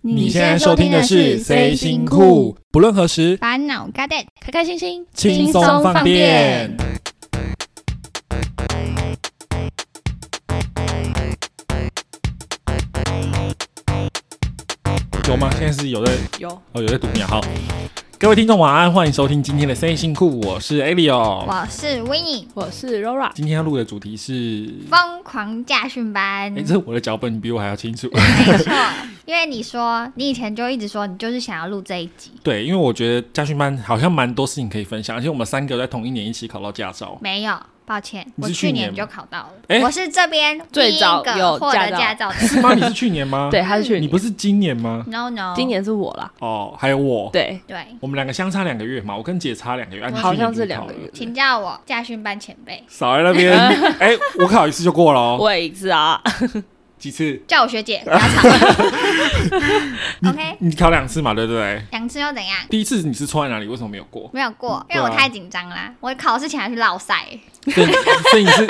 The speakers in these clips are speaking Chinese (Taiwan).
你現在收聽的是《SAYTHINGSCOOL》，不論何時煩惱搞定，開開心心，輕鬆放電。有嗎？現在是有的？有哦，有點讀秒，好。各位聽眾晚安，歡迎收聽今天的 SAYTHINGSCOOL，我是 Elio，我是 Winnie 我是 Lora。今天要錄的主題是瘋狂駕訓班。哎、欸，這是我的腳本，你比我還要清楚。沒錯， 因為你說你以前就一直說，你就是想要錄這一集。對，因為我覺得駕訓班好像蠻多事情可以分享，而且我們三個在同一年一起考到駕照。沒有。抱歉，我去年就考到了。欸、我是這邊最早有獲得的駕照。的。 你是去年嗎？ 對，他是去年，你不是今年嗎？No no，今年是我了。哦、oh，還有我。對對，我們兩個相差兩個月嘛，我跟姐差兩個月。好像是兩個月。請教我駕訓班前輩。少來那邊，哎 、欸，我考一次就過了哦、喔。我一次啊。 幾次叫我學姐，你要吵 OK，你，你考兩次嘛，對不對？兩次又怎樣？第一次你是錯在哪裡？為什麼沒有過？沒有過，因為我太緊張啦、啊。我考試前還是落賽、欸。對，所以你是，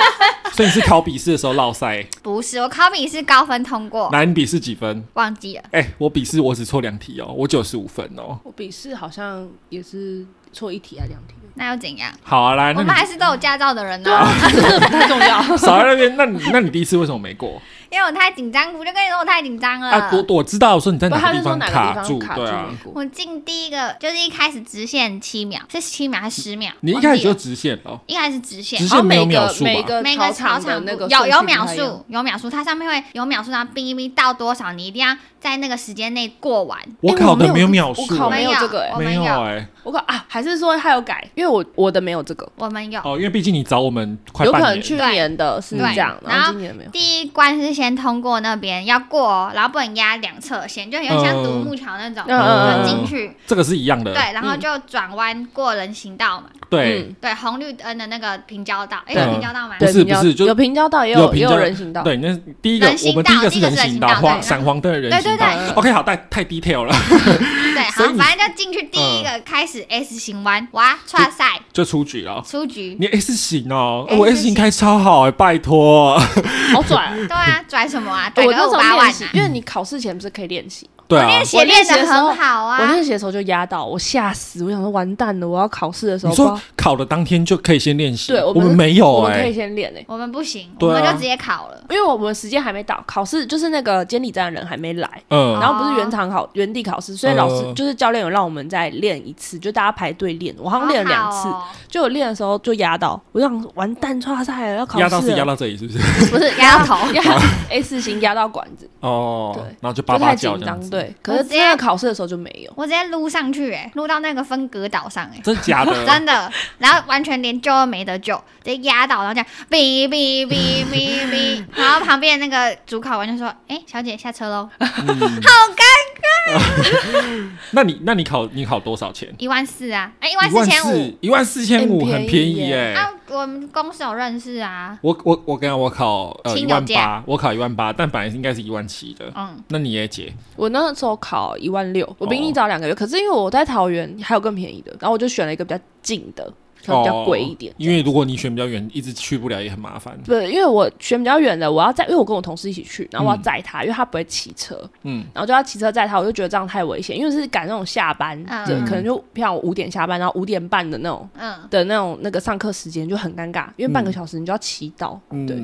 所以你是考筆試的時候落賽、欸？ 不是，我考筆試高分通過。那你筆試幾分？忘記了。哎、欸，我筆試我只錯兩題哦、喔，我九十五分哦、喔。我筆試好像也是錯一題啊，兩題。那又怎樣？好啊，來，你我們還是都有駕照的人呢、喔，嗯啊、 不太重要。少在那邊。那你那你第一次為什麼沒過？因為我太緊張，我就跟你說我太緊張了。啊，我我知道，我說你在哪個地方卡住？卡住對、啊、我進第一個就是一開始直線七秒，是七秒還是十秒？你一開始就直線哦。一開始直線。直線有秒數吧？然後、啊、每個每個每個考場那個有有秒數，有秒數，它上面會有秒數，然後嗶嗶到多少，你一定要在那個時間內過完、欸。我考的沒有秒數、欸，我考沒有我考沒有這個、欸，沒有哎。我考啊，還是說他有改？因為我我的沒有這個，我們有。哦，因為畢竟你找我們快。有可能去年的是，是這樣，然後第一關是。先通過那邊，要過、哦，然後不能壓兩側線，就有點像獨木橋那種，嗯嗯、就進去。這個是一樣的。對，然後就轉彎過人行道嘛。嗯、對、嗯、對，紅綠燈的那個平交道、嗯，欸，有平交道嗎？不是，不是有平交道也有，也有人行道。對，那第一個人行道我們第一個是人行道，閃黃燈的人行道。對對對 OK，好，太太 detail 了。 對，好，反正就進去第一個開始 S 型彎，哇、嗯，闖賽就，就出局了。出局，你 S 型？哦，我 S、哦、S 型開超好哎，拜托、哦，好轉、啊， 對啊。拽什麼啊？我、啊哦、這種練習，因為你考試前不是可以練習？對啊，我練習的時候就壓到，我嚇死！我想說完蛋了，我要考試的時候。你說考的當天就可以先練習？對，我們沒有，我們可以先練欸。我們不行，我們就直接考了。因為我們時間還沒到，考試就是那個監理站的人還沒來。嗯。然後不是原場考，原地考試，所以老師就是教練有讓我們再練一次，就大家排隊練。我好像練了兩次，就我練的時候就壓到，我想說完蛋，剉賽了，要考試壓到，是壓到這裡是不是？不是壓到頭，壓 S 型壓到管子。哦。對，然後就叭叭叫這樣。對。對，可是今天考試的時候就沒有，我直接擼上去、欸，哎，擼到那個分隔島上、欸，哎，真的假的，真的，然後完全連救都沒得救，直接壓倒，然後這樣，嗶嗶嗶嗶嗶， 然後旁邊那個主考官就說：“哎、欸，小姐下車嘍、嗯，好幹。” 那你那你考你考多少錢？一萬四啊！哎、欸，一萬四千五，一萬四千五很便宜哎、欸。啊，我們公司有認識啊。我我我跟你講，我考呃一萬八，我考一萬八，呃、18, 我考 18, 但本來應該是一萬七的。嗯，那你也結。我那個時候考一萬六，我比你早兩個月、哦，可是因為我在桃園還有更便宜的，然後我就選了一個比較近的。比較貴一點、哦，因為如果你選比較遠，一直去不了也很麻煩。對，因為我選比較遠的，我要載，因為我跟我同事一起去，然後我要載他、嗯，因為他不會騎車。嗯，然後就要騎車載他，我就覺得這樣太危險，因為是趕那種下班，嗯、對，可能就譬如我五點下班，然後五點半的那種嗯，的那種那個上課時間就很尷尬，因為半個小時你就要騎到、嗯，對，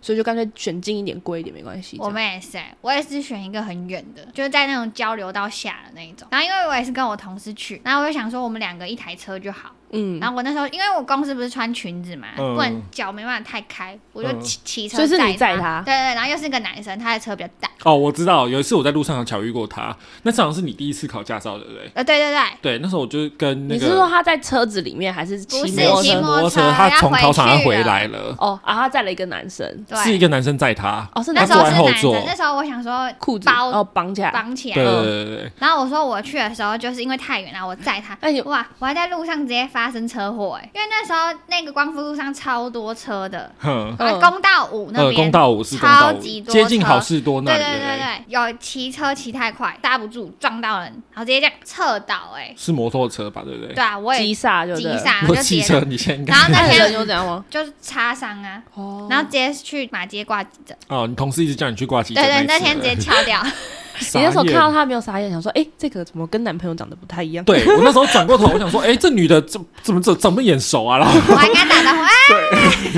所以就乾脆選近一點，貴一點沒關係。我們也是、欸，我也是選一個很遠的，就是在那種交流道下的那一種，然後因為我也是跟我同事去，然後我就想說我們兩個一台車就好。嗯，然後我那時候，因為我公司不是穿裙子嘛，嗯、不然腳沒辦法太開，我就騎騎、嗯、車載他。所以是你載他？對對、對，然後又是一個男生，他的車比較大。哦，我知道，有一次我在路上巧遇過他。那正好是你第一次考駕照，對不對？呃，對對對，對。那時候我就跟、那個，你是說他在車子裡面還是騎摩托車？不是摩托車，他從考場上回來了。哦、然後、啊、他載了一個男生，對是一個男生載他。哦，是，在是男生後座。那時候我想說褲子綁，綁、哦、起來，綁起來。對對對。然後我說我去的時候就是因為太遠了，然後我載他。哎呦，哇，我還在路上直接發。發生車禍哎，因為那時候那個光復路上超多車的，公道五那邊，公道五、呃、公道5，超級多接近好市多那一個、欸，對對對對，有騎車騎太快剎不住撞到人，然後直接這樣側倒哎、欸，是摩托車吧對不對？對啊，我也急剎就急剎就然後那天就怎樣嗎？ 就是擦傷啊，然後直接去馬偕掛急診的哦，你同事一直叫你去掛急診、欸，對，對對，那天直接翹掉。 你那時候看到他沒有傻眼？傻眼，想說，哎、欸，這個怎麼跟男朋友長得不太一樣？對，我那時候轉過頭， 我想說，哎、欸，這女的怎怎麼怎怎麼眼熟啊？然後 我還跟他打招呼哎，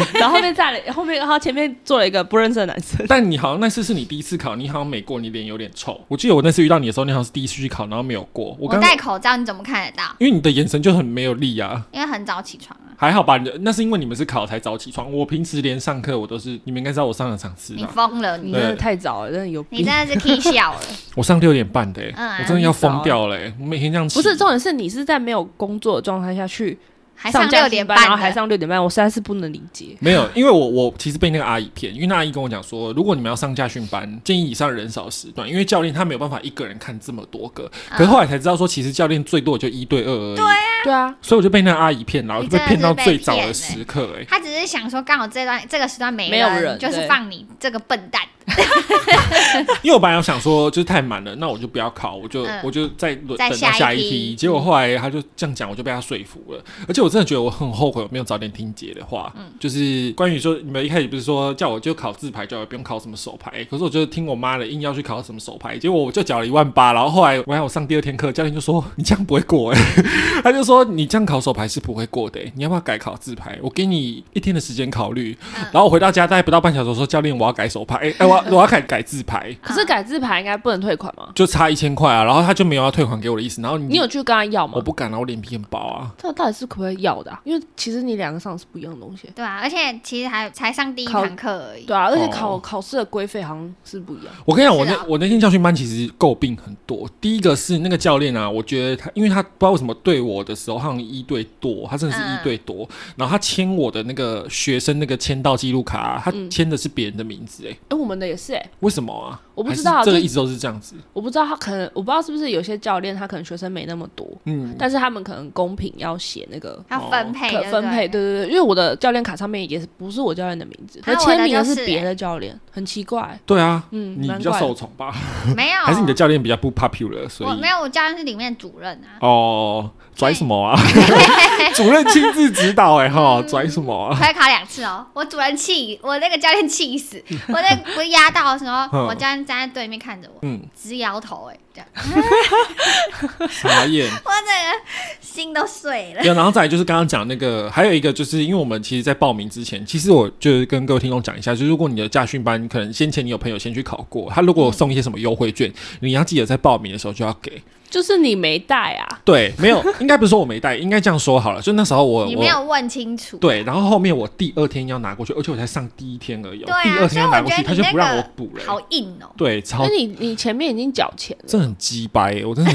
對， 然後後面站了，後面然後前面坐了一個不認識的男生。但你好像那次是你第一次考，你好像沒過，你臉有點臭。我記得我那次遇到你的時候，你好像是第一次去考，然後沒有過我剛剛。我戴口罩你怎麼看得到？因為你的眼神就很沒有力啊。因為很早起床啊。還好吧？那是因為你們是考才早起床。我平時連上課我都是，你們應該知道我上了場次、啊。你瘋了！你真的太早了，真的有病。你真的是可以笑了。 我上六點半的，欸、嗯、啊，我真的要瘋掉嘞、欸！每天這樣不是重點是，你是在沒有工作的狀態下去上還上六點半，然後還上六點半，我實在是不能理解。沒有，因為我我其實被那個阿姨騙，因為那阿姨跟我講說，如果你們要上家訓班，建議以上人少時段，因為教練他沒有辦法一個人看這麼多個。嗯、可是後來才知道說，其實教練最多也就一對二而已。對啊，對啊，所以我就被那個阿姨騙，然後就被騙到最早的時刻、欸，哎、欸，他只是想說剛好這段這個時段沒，沒有人，就是放你這個笨蛋。 因為我本來要想說，就是太滿了，那我就不要考，我就、嗯、我就再,再等到下一梯、嗯。結果後來他就這樣講，我就被他說服了。而且我真的覺得我很後悔，我沒有早點聽姐的話、嗯。就是關於說你們一開始不是說叫我就考自排，叫我不用考什麼手排？可是我就聽我媽的，硬要去考什麼手排。結果我就繳了一萬八，然後後來晚上我上第二天課，教練就說你這樣不會過哎、欸， 他就說你這樣考手排是不會過的、欸，你要不要改考自排？我給你一天的時間考慮、嗯。然後我回到家大概不到半小時的時候，我說教練我要改手排哎。欸欸嗯 我要改改字牌，可是改字牌應該不能退款嗎？嗯、就差一千塊啊，然後他就沒有要退款給我的意思，然後你,你有去跟他要嗎？我不敢啊，我臉皮很薄啊。這個到底是可不可以要的、啊？因為其實你兩個上的是不一樣的東西。對啊，而且其實還才上第一堂課而已。對啊，而且考、哦、考試的規費好像是不一樣。我跟你講，我那、啊、我那天駕訓班其實詬病很多。第一個是那個教練啊，我覺得他因為他不知道為什麼對我的時候他好像一對多，他真的是一對多。嗯、然後他簽我的那個學生那個簽到記錄卡、啊，他簽的是別人的名字哎、欸。哎、嗯欸，我們的、那個。也是哎、欸，為什麼啊？我不知道，這個一直都是這樣子我。我不知道他可能，我不知道是不是有些教練他可能學生沒那麼多，嗯，但是他們可能公平要寫那個，要分配，可分配，對對對，因為我的教練卡上面也是不是我教練的名字，啊、而簽名的是別的教練、啊欸，很奇怪、欸。對啊，嗯，你比較受寵吧？沒有， 還是你的教練比較不 popular，所以我沒有，我教練是裡面主任啊。哦。拽什麼啊？ 主任親自指導哎哈，拽、 嗯哦、什麼啊？還考兩次哦！我主任氣，我那個教練氣死。我那我壓到的時候，我教練站在對面看着我，嗯，直搖頭哎，這樣傻、嗯、 眼。我整個心都碎了。有、yeah, 然後再就是剛剛講那個，還有一個就是，因為我們其實，在報名之前，其實我就跟各位聽眾講一下，就是、如果你的駕訓班可能先前你有朋友先去考過，他如果送一些什麼優惠券、嗯，你要記得在報名的時候就要給。就是你沒帶啊？對，沒有，應該不是說我沒帶， 應該這樣說好了。就那時候我，我你沒有問清楚、啊。對，然後後面我第二天要拿過去，而且我才上第一天而已，對啊、第二天要拿過去，他就不讓我補了，好硬哦。對，超那你你前面已經繳錢了，這很雞掰，我真的，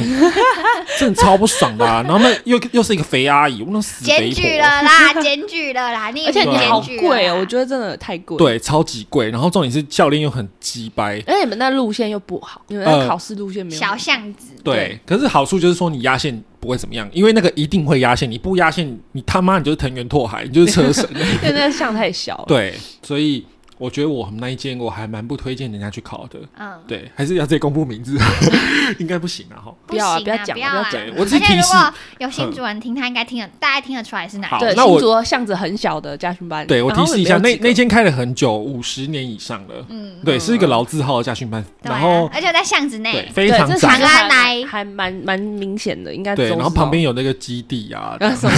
真 很超不爽的啊。然後那又又是一個肥阿姨，我那死。檢舉了啦，檢舉了啦，而且你好貴，我覺得真的太貴，對，超級貴。然後重點是教練又很雞掰，而且你們那路線又不好，呃、你們那考試路線沒有小巷子，對。對可是好處就是說，你壓線不會怎麼樣，因為那個一定會壓線。你不壓線，你他媽你就是藤原拓海，你就是車神。 因為那個巷太小了。對，所以。我覺得我們那一間我還蠻不推薦人家去考的，嗯，對，還是要自己公布名字，嗯、 應該不行啊，哈、啊，不要啊，不要講，不要講，我只是提示。有新竹人聽，他應該聽得，嗯、大家聽得出來是哪裡？對。新竹巷子很小的家訓班，對，我提示一下，那那間開了很久，五十年以上了。嗯，對，嗯、是一個老字號的家訓班、啊，然後，然後而且在巷子內，非常窄，是是長還蠻蠻明顯的，應該、喔、對，然後旁邊有那個基地啊， 什麼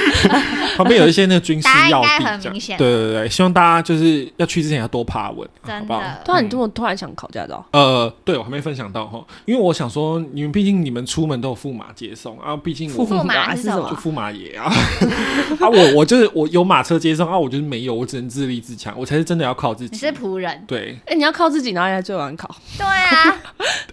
旁邊有一些那個軍事要地，對對對，希望大家就是要。去之前要多爬文，的好不好、嗯。突然你這麼突然想考駕照？呃，對，我還沒分享到哈，因為我想說，你們畢竟你們出門都有駙馬接送啊，畢竟駙駙馬是、啊、是什麼？駙馬爺啊！啊， 啊，我我就是我有馬車接送啊，我我，我就是沒有，我只能自立自強，我才是真的要靠自己。你是僕人？對。哎、欸，你要靠自己，然後你在最晚考？對啊。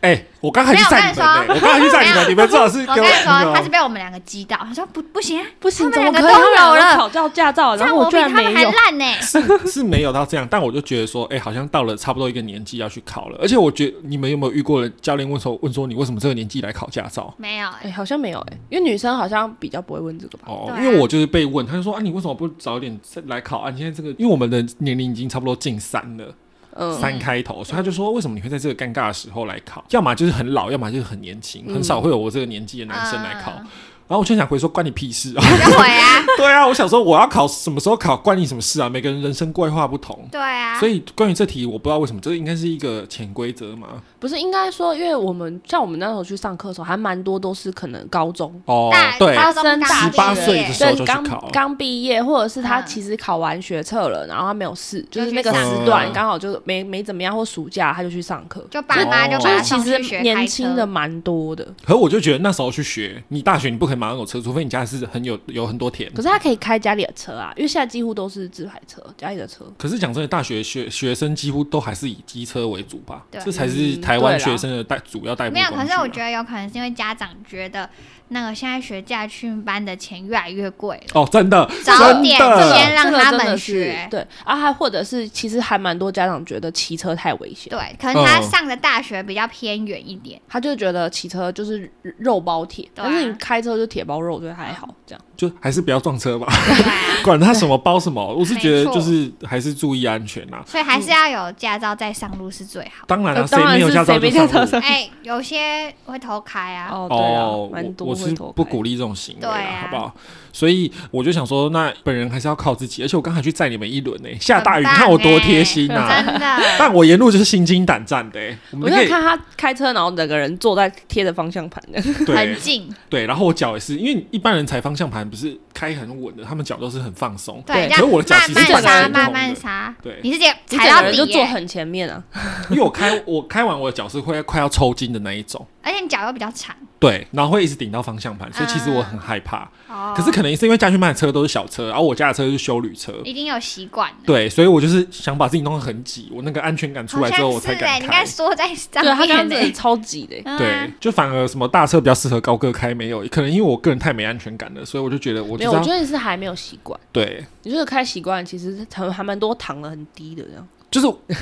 哎、 欸，我剛才、欸、沒有我你我剛才在你們， 你們最好是跟。我跟你說，你 know, 他是被我們兩個擊到，我說不不行、啊、不行，他們兩個都有了考到駕照，然後我居然沒有，我比他們還爛呢、欸， 是沒有到這樣。但我就覺得說，哎、欸，好像到了差不多一個年紀要去考了。而且，我覺得你們有沒有遇過的教練問說，問說你為什麼這個年紀來考駕照？沒有、欸，哎、欸，好像沒有、欸，因為女生好像比較不會問這個吧。哦，因為我就是被問，他就說啊，你為什麼不早點來考？啊，你現在這個，因為我們的年齡已經差不多近三了、嗯，三開頭，所以他就說，為什麼你會在這個尷尬的時候來考？嗯、要麼就是很老，要麼就是很年輕、嗯，很少會有我這個年紀的男生來考。嗯啊然後我就想回說，關你屁事啊！ 對啊，我想說，我要考什麼時候考，關你什麼事啊？每個人人生規劃不同，對啊。所以關於這題，我不知道為什麼，這應該是一個潛規則嘛。不是應該說，因為我們像我們那時候去上課的時候，還蠻多都是可能高中哦，大、oh, 大生大學生，十八歲的時候剛畢業或者是他其實考完學測了、嗯，然後他沒有試，就是那個時段剛好就沒沒怎麼樣，或暑假他就去上課，就爸媽就，就是其實年輕的蠻多的。可我就覺得那時候去學，你大學你不可以買那種車，除非你家是很有有很多田。可是他可以開家裡的車啊，因為現在幾乎都是自排車，家裡的車。可是講真的，大學學學生幾乎都還是以機車為主吧？這才是台。台灣學生的主要代步、啊、沒有，可是我覺得有可能是因為家長覺得那個現在學駕訓班的錢越來越貴哦，真的早點的先讓他們學、這個、對啊，還或者是其實還蠻多家長覺得騎車太危險，對，可能他上的大學比較偏遠一點、呃，他就覺得騎車就是肉包鐵、啊，但是你開車就鐵包肉，對，還好這樣。就還是不要撞車吧、啊， 管他什麼包什麼，我是覺得就是還是注意安全吶、啊。所以、就是、還是要有駕照再上路是最好，是是最好、呃。當然了、啊，誰沒有駕照就上路、呃？哎、欸，有些會偷開啊，哦，蠻多我是不鼓勵這種行為對、啊，好不好？所以我就想說，那本人還是要靠自己。而且我剛才去載你們一輪呢、欸，下大雨，你、欸、看我多貼心吶、啊！真的，但我沿路就是心驚膽戰的、欸。我們可以就看他開車，然後整個人坐在貼着方向盤的 對，很近。對，然後我腳也是，因為一般人踩方向盤。不是開很穩的，他們腳都是很放鬆。對，所以我的腳是完全不同的。慢慢殺，慢慢殺，對，你是直接踩到底。你就坐很前面了，因為我開我開完我的腳是會快要抽筋的那一種。而且你腳又比較長。對，然後會一直頂到方向盤、嗯，所以其實我很害怕。可是可能是因為家去賣的車都是小車，然後我家的車是休旅車，一定有習慣。對，所以我就是想把自己弄得很擠，我那個安全感出來之後，我才敢開。是、欸、你應該說在上面、欸、對，他這樣子超擠的、欸嗯啊。對，就反而什麼大車比較適合高個開，沒有，可能因為我個人太沒安全感了，所以我就覺得我。沒有，我覺得你是還沒有習慣。對，你就是開習慣其實還還蠻多躺的，很低的這樣。就是我就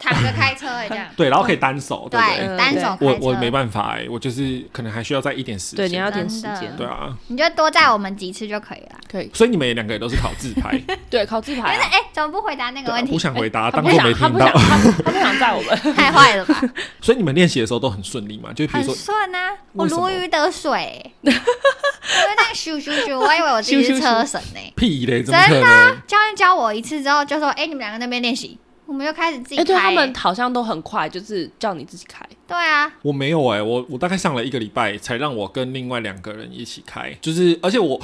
躺着開車一樣 對，然後可以單手，對，對對對單手。我我沒辦法哎、欸，我就是可能還需要再一點時間，對，你要點時間，對啊，你就多載我們幾次就可以了。可以。所以你們兩個也都是考自排， 對，考自排、啊。哎、欸，怎麼不回答那個問題？不、啊、想回答，欸、當作沒聽到。他不想，他不想， 他不想，他不想載我們， 太壞了吧。 所以你們練習的時候都很順利嘛？就比如說，算啊，我如魚得水。哈 那個咻咻咻，我以為我自己是車神呢、欸。屁嘞，真的？教練教我一次之後就說：“哎、欸，你們兩個那邊練習。”我們又開始自己開欸欸，他們好像都很快，就是叫你自己開。對啊，我沒有哎、欸，我我大概上了一個禮拜才讓我跟另外兩個人一起開，就是而且我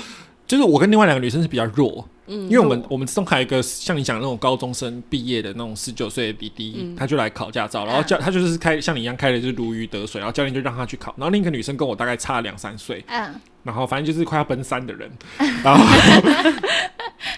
就是我跟另外兩個女生是比較弱。嗯，因為我們、嗯、我們中還有一個像你講那種高中生畢業的那種十九歲的弟弟、嗯，他就來考駕照，然後教、嗯、他就是開像你一樣開的就是如魚得水，然後教練就讓他去考。然後另一個女生跟我大概差兩三歲、嗯，然後反正就是快要奔三的人。嗯、然後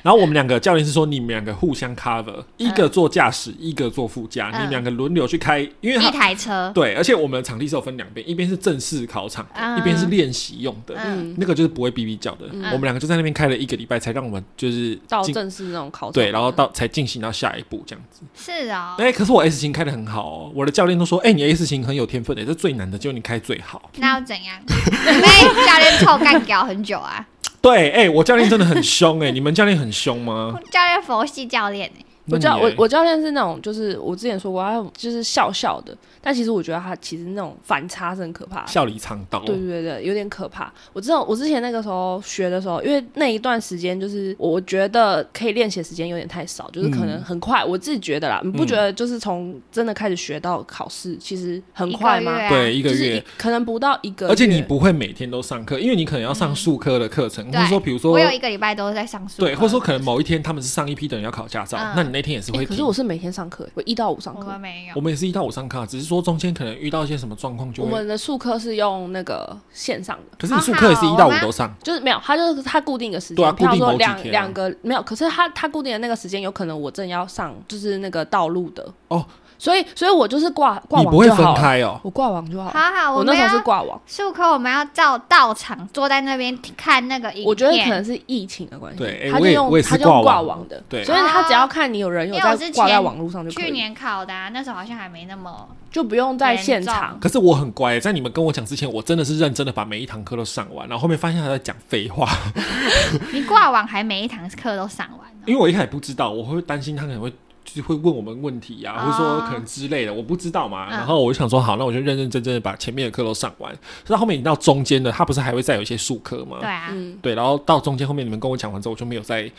然後我們兩個教練是說你們兩個互相 cover，一個做駕駛，一個做副駕、嗯，你們兩個輪流去開，因為他一台車對，而且我們的場地是有分兩邊，一邊是正式考場，嗯、一邊是練習用的、嗯，那個就是不會嗶嗶叫的、嗯。我們兩個就在那邊開了一個禮拜，才讓我們就是。是到正式那種考試，對，然後到才進行到下一步這樣子。是啊，哎，可是我 S 型開得很好哦、喔，我的教練都說，哎，你 S 型很有天分的、欸，這最難的就你開最好。那又怎樣？因為 教練臭幹樵很久啊，對、欸很欸很 欸欸？對，哎，我教練真的很兇，哎，你們教練很兇嗎？教練佛系教練我教我我教練是那種，就是我之前說過啊，就是笑笑的。但其實我覺得他其實那種反差是很可怕，笑裡藏刀。對對對，有點可怕。我知道我之前那個時候學的時候，因為那一段時間就是我覺得可以練習的時間有點太少，就是可能很快。嗯、我自己覺得啦，你不覺得？就是從真的開始學到考試，嗯，其實很快嗎？對，一個月、啊就是、可能不到一個月。而且你不會每天都上課，因為你可能要上數科的課程，嗯，或者說比如說我有一個禮拜都是在上數科。對，或者說可能某一天他們是上一批的人要考駕照，嗯，那你那天也是會、欸。可是我是每天上課，欸，我一到五上課，我們也是一到五上課，只是說。中間可能遇到一些什麼狀況，就我們的術科是用那個線上的，可是他術科也是一到五都上、啊啊，就是沒有，他就是他固定一個時間，對啊，說兩、啊、兩個沒有，可是他他固定的那個時間，有可能我正要上，就是那個道路的哦。所以，所以我就是掛掛網就好了。你不會分開哦、喔，我掛網就好。好好，我那時候是掛網。授課我們要到到場坐在那邊看那個影片。我覺得可能是疫情的關係。對，欸、他就用他就用掛網，網的，對，所以他只要看你有人用掛在，在網絡上就可以。去年考的、啊，那時候好像還沒那麼就不用在現場。可是我很乖，在你們跟我講之前，我真的是認真的把每一堂課都上完，然後後面發現他在講廢話。 你掛網還每一堂課都上完、喔？因為我一開始不知道，我會擔心他可能會。就會問我們問題呀、啊，oh. 或者說可能之類的，我不知道嘛。嗯、然後我就想說，好，那我就認認真真的把前面的課都上完。到後，後面你到中間呢，他不是還會再有一些術科嗎？對啊，對。然後到中間後面，你們跟我講完之後，我就沒有在。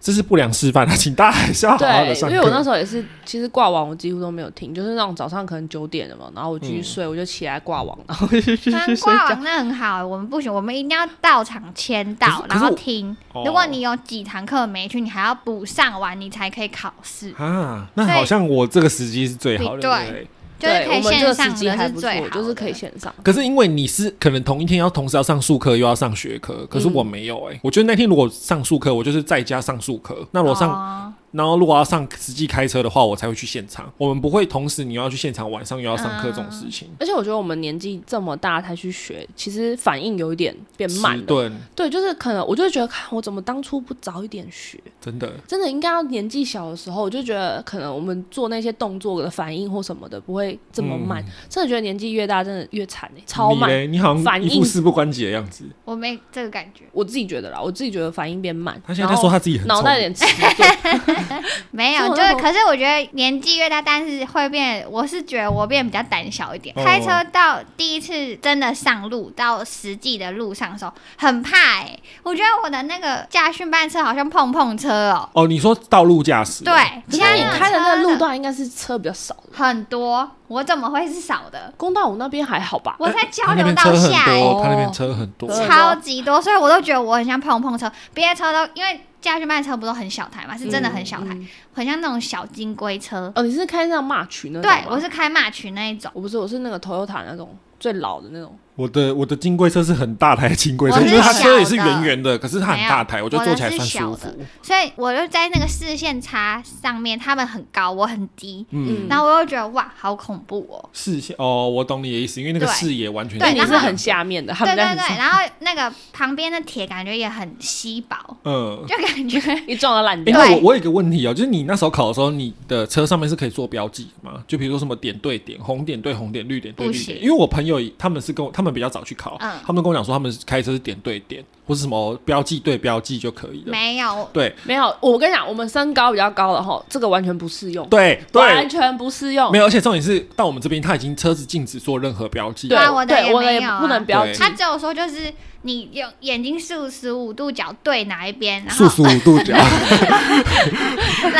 這是不良示範啊！請大家笑。對，好好的上，因為我那時候也是，其實掛網我幾乎都沒有聽，就是那種早上可能九點了嘛，然後我繼續睡。嗯，我就起來掛網。他掛網那很好。欸，我們不行，我們一定要到場簽到，然後聽。哦。如果你有幾堂課沒去，你還要補上完，你才可以考試。啊，那好像我這個時機是最好的。對。對就是可以線上，還是錯就是可以線上。是就是、可，線上可是因為你是可能同一天要同時要上術科又要上學科，嗯、可是我沒有哎、欸。我覺得那天如果上術科，我就是在家上術科。那我上、哦。然後如果要上實際開車的話，我才會去現場。我們不會同時，你要去現場，晚上又要上課這種事情。而且我覺得我們年紀這麼大才去學，其實反應有一點變慢了對。對，就是可能我就會覺得，看我怎麼當初不早一點學。真的，真的應該要年紀小的時候，我就覺得可能我們做那些動作的反應或什麼的不會這麼慢。真、嗯、的覺得年紀越大，真的越慘、欸、超慢。你，你好像一副事不關己的樣子。我沒這個感覺，我自己覺得啦，我自己覺得反應變慢。他現在，在說他自己很腦袋有點遲。 沒有，就是，可是我覺得年紀越大，但是會變。我是覺得我變比較膽小一點、哦。開車到第一次真的上路到實際的路上的時候，很怕、欸。哎，我覺得我的那個駕訓班車好像碰碰車哦、喔。哦，你說道路駕駛？對。其實你開的那個路段應該是車比較少。很多，我怎麼會是少的？公道五那邊還好吧？我在交流道下、欸，他那邊車,、欸、車很多，超級多，所以我都覺得我很像碰碰車。別的車都因為。駕訓班的車不都很小台嗎？是真的很小台，嗯嗯、很像那種小金龜車。哦，你是開那 March 那種呢？對，我是開 March 那一種。我不是，我是那個 Toyota 那種。最老的那種，我的我的金龜車是很大台的金龜車，因為、就是、它車也是圓圓的，可是它很大台，我覺得坐起來算小的算。所以我就在那個視線差上面，他們很高，我很低，嗯，然後我又覺得哇，好恐怖哦！嗯、視線哦，我懂你的意思，因為那個視野完全對，對，然是很下面的，對對對，然後那個旁邊的鐵感覺也很稀薄，嗯，就感覺你撞了爛掉。因為我我有一個問題哦，就是你那時候考的時候，你的車上面是可以做標記的嗎？就比如說什麼點對點，紅點對紅點，綠點對綠點，因為我朋友。有，他們是跟我，他們比較早去考，嗯、他們跟我講說，他們開車是點對點。不是什麼標記，對標記就可以了。沒有對，沒有。我跟你講，我們身高比較高的吼，這個完全不適用對。對，完全不適用。沒有，而且重點是到我們這邊，他已經車子禁止做任何標記對。對，我的也沒有、啊、我的也不能標記。他只有說就是你用眼睛四十五度角對哪一邊，四十五度角 然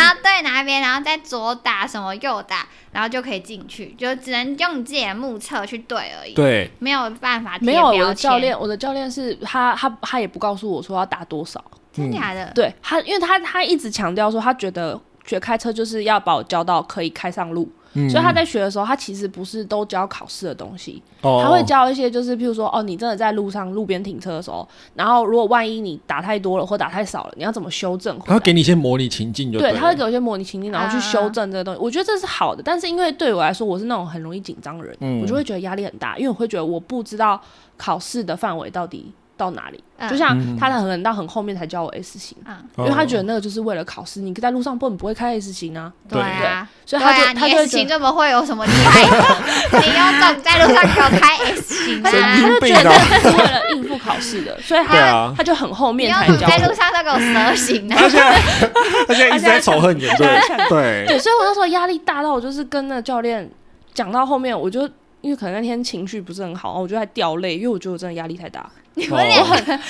後對哪一邊，然後再左打什麼右打，然後就可以進去，就只能用你自己的目測去對而已。對，沒有辦法貼標籤。沒有，我的教練，我的教練是他，他，他。他也不告訴我說要打多少，真假的？對他，因為他他一直強調說，他覺得學開車就是要把我教到可以開上路。嗯、所以他在學的時候，他其實不是都教考試的東西，哦，他會教一些，就是譬如說，哦，你真的在路上路邊停車的時候，然後如果萬一你打太多了或打太少了，你要怎麼修正？他會給你一些模擬情境就對了，對。他會給我一些模擬情境，然後去修正這個東西，啊。我覺得這是好的，但是因為對我來說，我是那種很容易緊張的人，嗯，我就會覺得壓力很大，因為我會覺得我不知道考試的範圍到底。到哪裡？嗯、就像他狠狠到很後面才教我 S 型，嗯，因為他覺得那個就是為了考試。你在路上不不會開 S 型啊，啊對，對啊，所以他就他 S 型怎麼會有什麼厲害的，你要懂在路上要開 S 型，對啊，他就，這 在、啊、 他就，他就覺得這是為了應付考試的。所以他、啊、他就很後面才教在路上那個蛇形。他現在 他現在一直在仇恨你。 對他對， 對，所以我那時候壓力大到，我就是跟那教練講到後面，我就。因為可能那天情緒不是很好、啊，我覺得還掉淚，因為我覺得我真的壓力太大。你們倆、Oh.，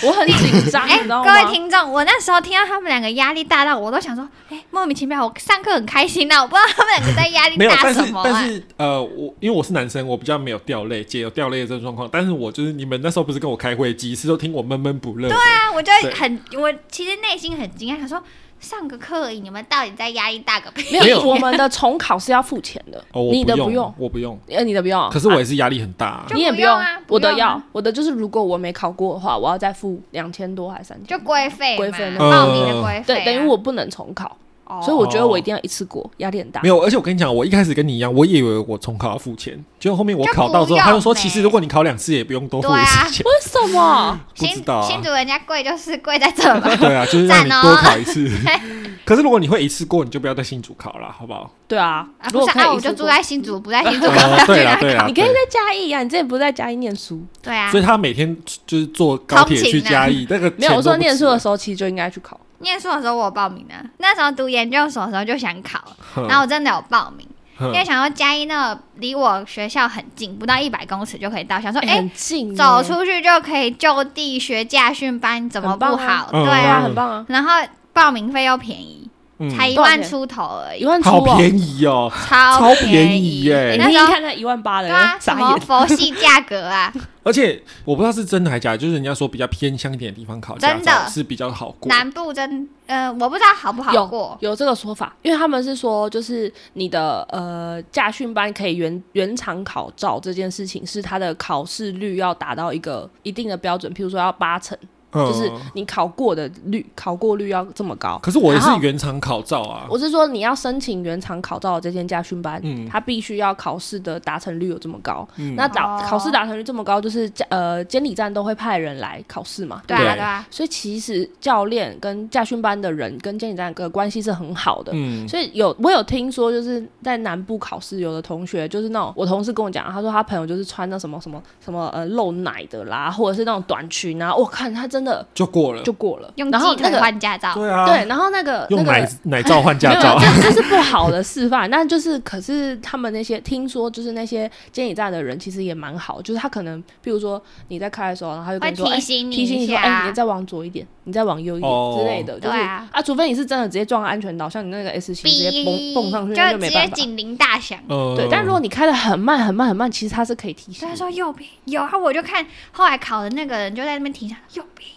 我很緊張，哎、 欸，各位聽眾，我那時候聽到他們兩個壓力大到我，我都想說，哎、欸，莫名其妙，我上課很開心吶、啊，我不知道他們兩個在壓力大什麼、啊。 但是，但是呃，我因為我是男生，我比較沒有掉淚，姐有掉淚的這種狀況。但是我就是你們那時候不是跟我開會幾次都聽我悶悶不樂。對啊，我就很，我其實內心很驚訝，想說。上個課而已，你們到底在壓力大個屁？沒有， 我們的重考是要付錢的。哦，不你的不用，我不用，呃，你的不用。可是我也是壓力很大，啊啊啊。你也不用，不用啊，我的要，啊，我的就是如果我沒考過的話，我要再付兩千多還是三千？就規費，規費，啊，報名的規費。對，等於我不能重考。Oh, 所以我覺得我一定要一次過，壓力很大。沒、哦、有，而且我跟你講，我一開始跟你一樣，我也以為我重考要付錢，結果後面我考到之後，他就說其實如果你考兩次也不用多付一次錢。次錢、啊。為什麼？不知道、啊、新竹人家貴就是貴在這兒嘛 對啊，就是讓你多考一次。哦、 可是如果你會一次過，你就不要在新竹考了，好不好？對啊，啊如不想那我就住在新竹，不在新竹考，、啊、考，對啊，你可以在嘉義啊，你之前不是在嘉義念書，對啊，所以他每天就是坐高鐵去嘉義，那個、啊、沒有，我說念書的時候其實就應該去考。念書的時候我有報名的、啊，那時候讀研究所的，的時候就想考，然後我真的有報名，因為想說嘉義那個離我學校很近，不到一百公尺就可以到，想說哎、欸欸，走出去就可以就地學駕訓班，怎麼不好？啊對啊，很棒啊，然後報名費又便宜。嗯、才一萬出頭而已，一萬出頭、哦，好便宜哦，超便宜耶！你、欸欸、那時候看才一萬八的，啊，什麼佛系價格啊！ 而且我不知道是真的還假的，就是人家說比較偏鄉一點的地方考真的是比較好過。南部真，呃，我不知道好不好過。有,有這個說法，因為他們是說，就是你的呃駕訓班可以原原廠考照這件事情，是它的考試率要達到一個一定的標準，譬如說要八成。嗯、就是你考過的率，考過率要這麼高。可是我也是原廠考照啊。我是說你要申請原廠考照的這間駕訓班，嗯，他必須要考試的達成率有這麼高。嗯、那考、啊、考試達成率這麼高，就是呃，監理站都會派人來考試嘛。對啊，對啊,對啊，對啊。所以其實教練跟駕訓班的人跟監理站的關係是很好的。嗯。所以有我有聽說，就是在南部考試，有的同學就是那種，我同事跟我講，他說他朋友就是穿那什麼什麼什麼，什麼呃露奶的啦，或者是那種短裙啊，我看他真。真的就過了，就過了。用那個換駕照，對啊，對。然後那個用奶、那個、奶罩換駕照，這是不好的示範。那 就是，可是他們那些聽說，就是那些監理站的人其實也蠻好，就是他可能，比如說你在開的時候，然後他就跟說會你說、欸，提醒你，提醒你，哎、欸，你再往左一點，你再往右一點之類的。喔就是、對啊，啊，除非你是真的直接撞安全島，像你那個 S 型直接蹦蹦上去，就直接警鈴大響。對，但如果你開的很慢，很慢，很慢，其實他是可以提醒。他說右邊有啊，我就看後來考的那個人就在那邊停下，右邊。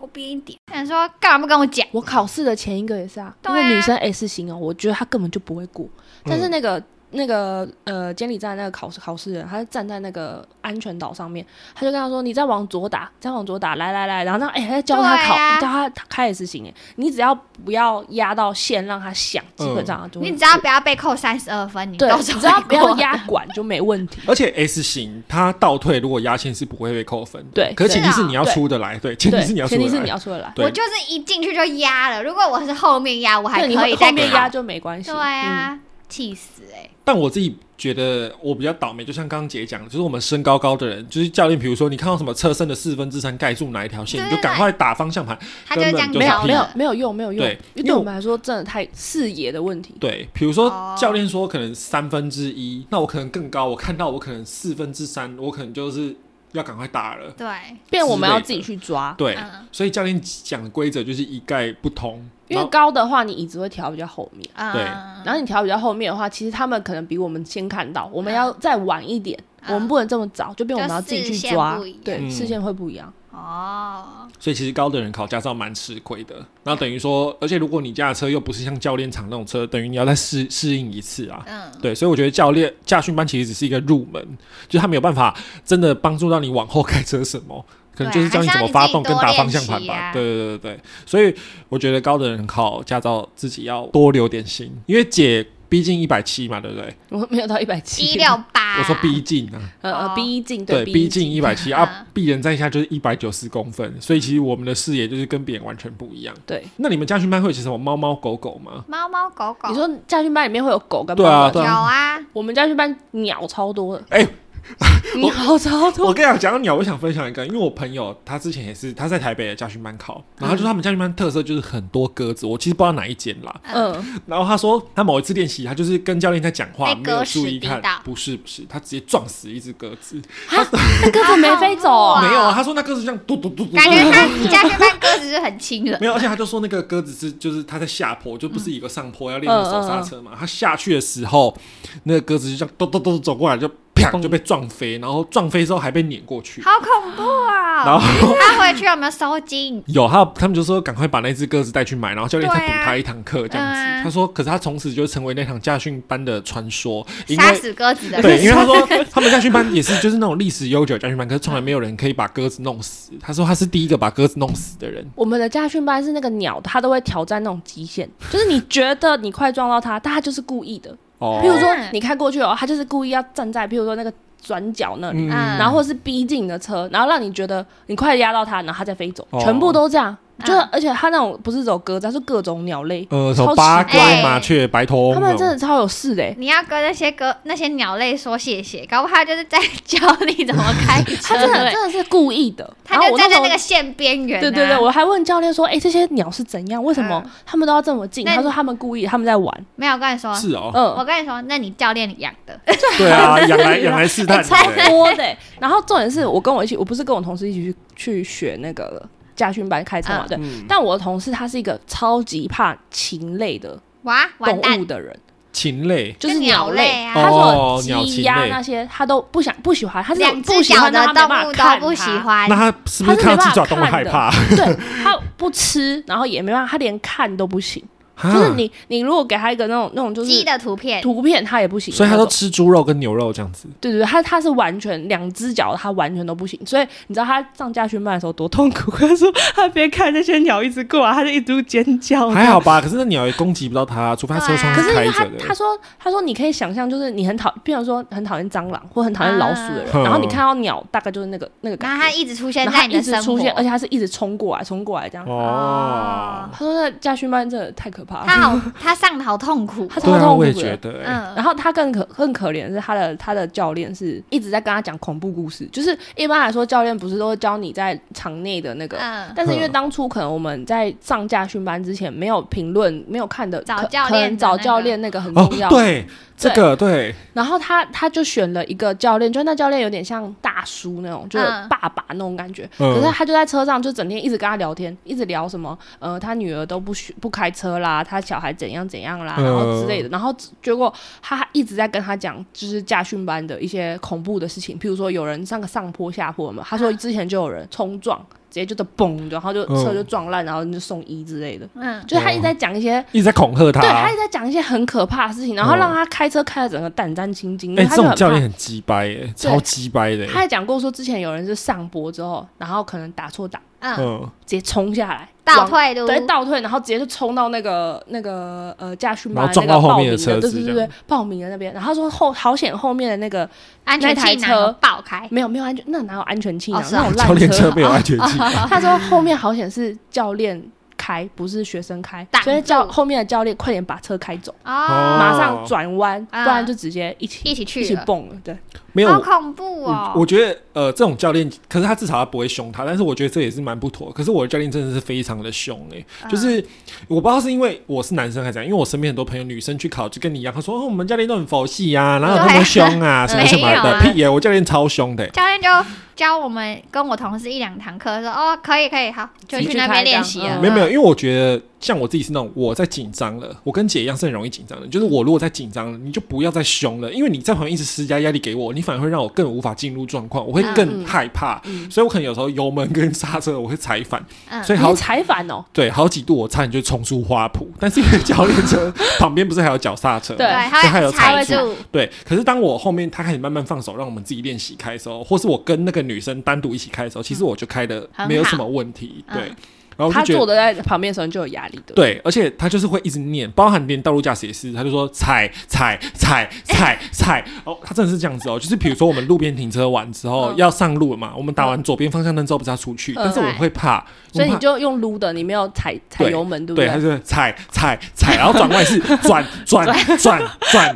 我編一點，他想說幹嘛不跟我講？我考試的前一個也是啊，啊那個女生 S 型哦、喔，我覺得她根本就不會過，嗯、但是那個。那個呃，監理站在那個考試考試人，他是站在那個安全島上面。他就跟他說：“你再往左打，再往左打，來來來。”然後那哎、欸，他在教他考，啊，教他開 S 型耶。你只要不要壓到線，讓他響，基本上就你只要不要被扣三十二分，你到時候你只要不要壓管 就沒問題。而且 S 型他倒退，如果壓線是不會被扣分。對，可是前提是你要出得來對對對對對。對，前提是你要前提是你要出得來對對。我就是一進去就壓了。如果我是後面壓，我還可以。那你後面壓就沒關係。對呀，啊氣死哎、欸，但我自己覺得我比較倒霉，就像剛剛姐講，就是我們身高高的人，就是教練，比如說你看到什麼車身的四分之三蓋住哪一條線，對對對對，你就趕快打方向盤，他就根本就沒有沒有沒有用沒有用，對因，因為我們來說真的太視野的問題。對，比如說、哦、教練說可能三分之一，那我可能更高，我看到我可能四分之三，我可能就是。要趕快打了，對，變我們要自己去抓。對，嗯、所以教練講的規則就是一概不通。因為高的話，你椅子會調比較後面，嗯，對。然後你調比較後面的話，其實他們可能比我們先看到，我們要再晚一點。嗯 我們不能這麼早，就變我們要自己去抓，對，視、嗯、線會不一樣哦。所以其實高的人考駕照蠻吃虧的，那等於說，而且如果你駕的車又不是像教練場那種車，等於你要再適適應一次啊、嗯。對，所以我覺得教練駕訓班其實只是一個入門，就是、他沒有辦法真的幫助到你往後開車什麼，可能就是教你怎麼發動跟打方向盤吧對、啊。對對對對，所以我覺得高的人考駕照自己要多留點心，因為姐。逼近一百七嘛，對不對？我沒有到一百七，一六八。我說逼近啊，呃，oh. 逼近對，對，逼近一百七啊。啊！敝人在下就是一百九十公分，所以其實我們的視野就是跟別人完全不一樣。對，那你們駕訓班會有什麼貓貓狗狗嗎？貓貓狗狗，你說駕訓班裡面會有狗跟貓貓？對啊，對啊，有啊。我們駕訓班鳥超多的。哎、欸。 我你好，超多。我跟你講講鳥，我想分享一個，因為我朋友他之前也是他在台北的駕訓班考，然後他就說他們駕訓班特色就是很多鴿子。我其實不知道哪一間啦，嗯。然後他說他某一次練習，他就是跟教練在講話，沒有注意看。不是不是，他直接撞死一隻鴿子。他鴿 子沒飛走，啊， 沒有啊？他說那鴿子像嘟嘟嘟，感覺他駕訓班鴿子是很輕的。沒有，而且他就說那個鴿子是就是他在下坡，就不是一個上坡要練手剎車嘛。他下去的時候，那個鴿子就這樣嘟嘟嘟走過來就。啪就被撞飛，然後撞飛之後還被碾過去，好恐怖啊！然後 他回去有沒有燒金？有，他他們就說趕快把那隻鴿子帶去買，然後教練再補他一堂課這樣子。啊、他說，可是他從此就成為那場駕訓班的傳說，殺、嗯、死鴿子的。對，因為他說他們駕訓班也是就是那種歷史悠久駕訓班， 可是從來沒有人可以把鴿子弄死。他說他是第一個把鴿子弄死的人。我們的駕訓班是那個鳥，它都會挑戰那種極限，就是你覺得你快撞到它， 但它就是故意的。比如說，哦，你開過去哦，他就是故意要站在，比如說那個轉角那裡，嗯，然後或是逼近你的車，然後讓你覺得你快壓到他，然後他再飛走，哦，全部都這樣。就、嗯、而且他那種不是只有鴿子，而是各種鳥類，呃，什麼八哥、麻雀、白頭。他們真的超有事的。欸，你要跟那些鴿、那些鳥類說謝謝，搞不好就是在教你怎麼開車。 他真的真的是故意的， 他就站在那個線邊緣啊。對，對對對，我還問教練說：“哎，欸，這些鳥是怎樣？為什麼他們都要這麼近？”嗯、他說：“他們故意，他們在玩。嗯”沒有，我跟你說，是哦，嗯，我跟你說，那你教練你養的對啊，養 來養來是超多的。然後重點是，我跟我一起，我不是跟我同事一起去去學那個了。駕訓班開車嘛、嗯，對。但我的同事他是一個超級怕禽類的哇，動物的人。禽類就是鳥類啊，就是鳥類啊哦、他說雞鴨那些他都不想不喜歡，他是不喜歡的動物他不喜歡。那他他是沒把動物害怕，他 對他不吃，然後也沒辦法，他連看都不行。哈就是你，你如果給他一個那種那種就是雞的圖片，就是、圖片他也不行，所以他都吃豬肉跟牛肉這樣子。對對對，他他是完全兩隻腳，他完全都不行。所以你知道他上駕訓班的時候多痛苦？他說他邊看這些鳥一直過來，他就一直尖叫。還好吧，可是那鳥也攻擊不到他、啊，除非他車窗是開的對對、啊、可是他他說他說，你可以想象，就是你很討，譬如說很討厭蟑螂或很討厭老鼠的人，然後你看到鳥，大概就是那個那個。然後他一直出現他一直出現，而且他是一直衝過來，衝過來這樣。哦，他說那駕訓班真的太可。他好，他上得好痛苦， 他超痛苦的。嗯、啊，然後他更可更可憐的是他的、他的他的教練是一直在跟他講恐怖故事。就是一般來說，教練不是都會教你在場內的那個、嗯，但是因為當初可能我們在上駕訓班之前沒有評論，沒有看的，找教練、那個、找教練那個很重要、哦。對。這個對，然後他他就選了一個教練，就那教練有點像大叔那種，就有爸爸那種感覺、嗯。可是他就在車上，就整天一直跟他聊天，嗯、一直聊什麼呃，他女兒都不學不開車啦，他小孩怎樣怎樣啦，嗯、然後之類的。然後結果他一直在跟他講，就是駕訓班的一些恐怖的事情，譬如說有人上個上坡下坡嘛，他說之前就有人衝撞。嗯嗯直接就都嘣，然後就車就撞爛，嗯，然後就送醫之類的。嗯，就是他一直在講一些，嗯，一直在恐嚇他。對，他一直在講一些很可怕的事情，然後他讓他開車開了整個膽戰心驚。哎，嗯欸，這種教練很雞掰，哎，超雞掰的。他也講過說，之前有人是上坡之後，然後可能打錯檔，嗯，直接衝下來。倒退對，倒退，然後直接就衝到那個那個呃駕訓班，那個報名、呃、的，的、那個、的車子，對對對，報名的那邊。然後他說後好險，後面的那個安全氣囊爆開，沒有沒有安全，那哪有安全氣囊？那、哦、種、啊、教練車沒有安全氣囊。哦哦、 他說後面好險是教練開，不是學生開，所以教後面的教練快點把車開走，哦、馬上轉彎、哦，不然就直接一起一起去一起蹦了。對。沒有，好恐怖哦，我，我覺得，呃，這種教練，可是他至少他不會凶他，但是我覺得這也是蠻不妥。可是我的教練真的是非常的凶哎、欸呃，就是我不知道是因為我是男生還是怎樣，因為我身邊很多朋友女生去考就跟你一樣，他說、哦、我們教練都很佛系啊，然後他們凶啊、嗯，什麼、嗯、什麼的、啊、屁耶、欸！我教練超凶的、欸，教練就教我們跟我同事一兩堂課，說哦，可以可以，好，就去那邊練習了。沒、嗯、有、嗯呃嗯、沒有，因為我覺得。像我自己是那種，我在緊張了，我跟姐一樣是很容易緊張的。就是我如果在緊張了，你就不要再凶了，因為你在旁邊一直施加壓力給我，你反而會讓我更無法進入狀況，我會更害怕。嗯、所以我可能有時候油門跟剎車我會踩反，嗯、所以好、嗯、你踩反哦。對，好幾度我差點就衝出花圃。但是因為教練車 旁邊不是還有腳剎車？對，所以還有踩住還還。對，可是當我後面他開始慢慢放手，讓我們自己練習開的時候，或是我跟那個女生單獨一起開的時候，其實我就開的沒有什麼問題。嗯、對。然後他坐的在旁邊的時候就有壓力的。對，而且他就是會一直念，包含連道路駕駛也是，他就說，踩踩踩踩踩、踩。欸、哦，他真的是這樣子哦，就是比如說我們路邊停車完之後、嗯、要上路了嘛，我們打完左邊方向燈之後不是要出去，嗯、但是我會怕、呃哎、我怕，所以你就用擼的，你沒有踩踩油門對不對？對，對他就是踩踩踩，然後轉彎是轉轉轉轉。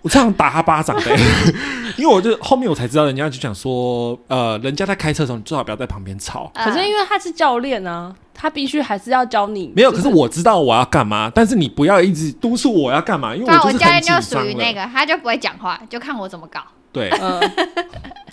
我這樣打他巴掌的，轉 因為我就後面我才知道，人家就講說，呃，人家在開車的時候你最好不要在旁邊吵。啊、可是因為他是教練。練呢，他必須還是要教你。沒有，就是、可是我知道我要幹嘛，但是你不要一直督促我要幹嘛，因為我教練就屬於那個，他就不會講話，就看我怎麼搞。對。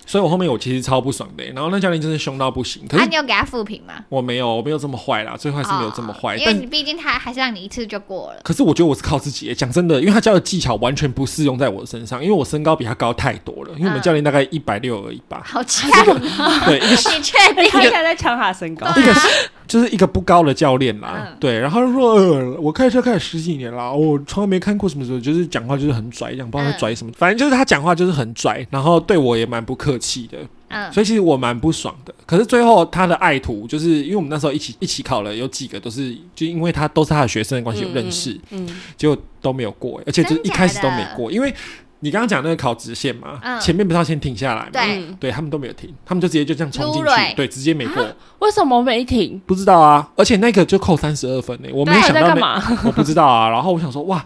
所以我後面我其實超不爽的，欸，然後那教練真的凶到不行。可是那你有給他負評嗎？我沒有，我沒有這麼壞啦，最壞是沒有這麼壞。哦。因為你畢竟他還是讓你一次就過了。可是我覺得我是靠自己，欸，講真的，因為他教的技巧完全不適用在我身上，因為我身高比他高太多了。因為我們教練大概一百六而已吧。嗯啊、好奇、哦、對，你確定他現在在長哈身高對，啊，就是一個不高的教練啦，嗯。對，然後他說，呃，我開車開了十幾年啦，我從來沒看過什麼時候就是講話就是很拽一樣，不知道他拽什麼，嗯，反正就是他講話就是很拽，然後對我也蠻不客氣、嗯、的，所以其實我蠻不爽的。可是最後他的愛徒，就是因為我們那時候一起一起考了，有幾個都是就因為他都是他的學生的關係、嗯，有認識，嗯，就都沒有過，而且就是一開始都沒過。因為你剛剛講那個考直線嘛，嗯、前面不是要先停下來嗎？對，他們都沒有停，他們就直接就這樣衝進去，對，直接沒過、啊。為什麼沒停？不知道啊。而且那個就扣三十二分呢，我沒有想到沒，嘛 我不知道啊。然後我想說，哇。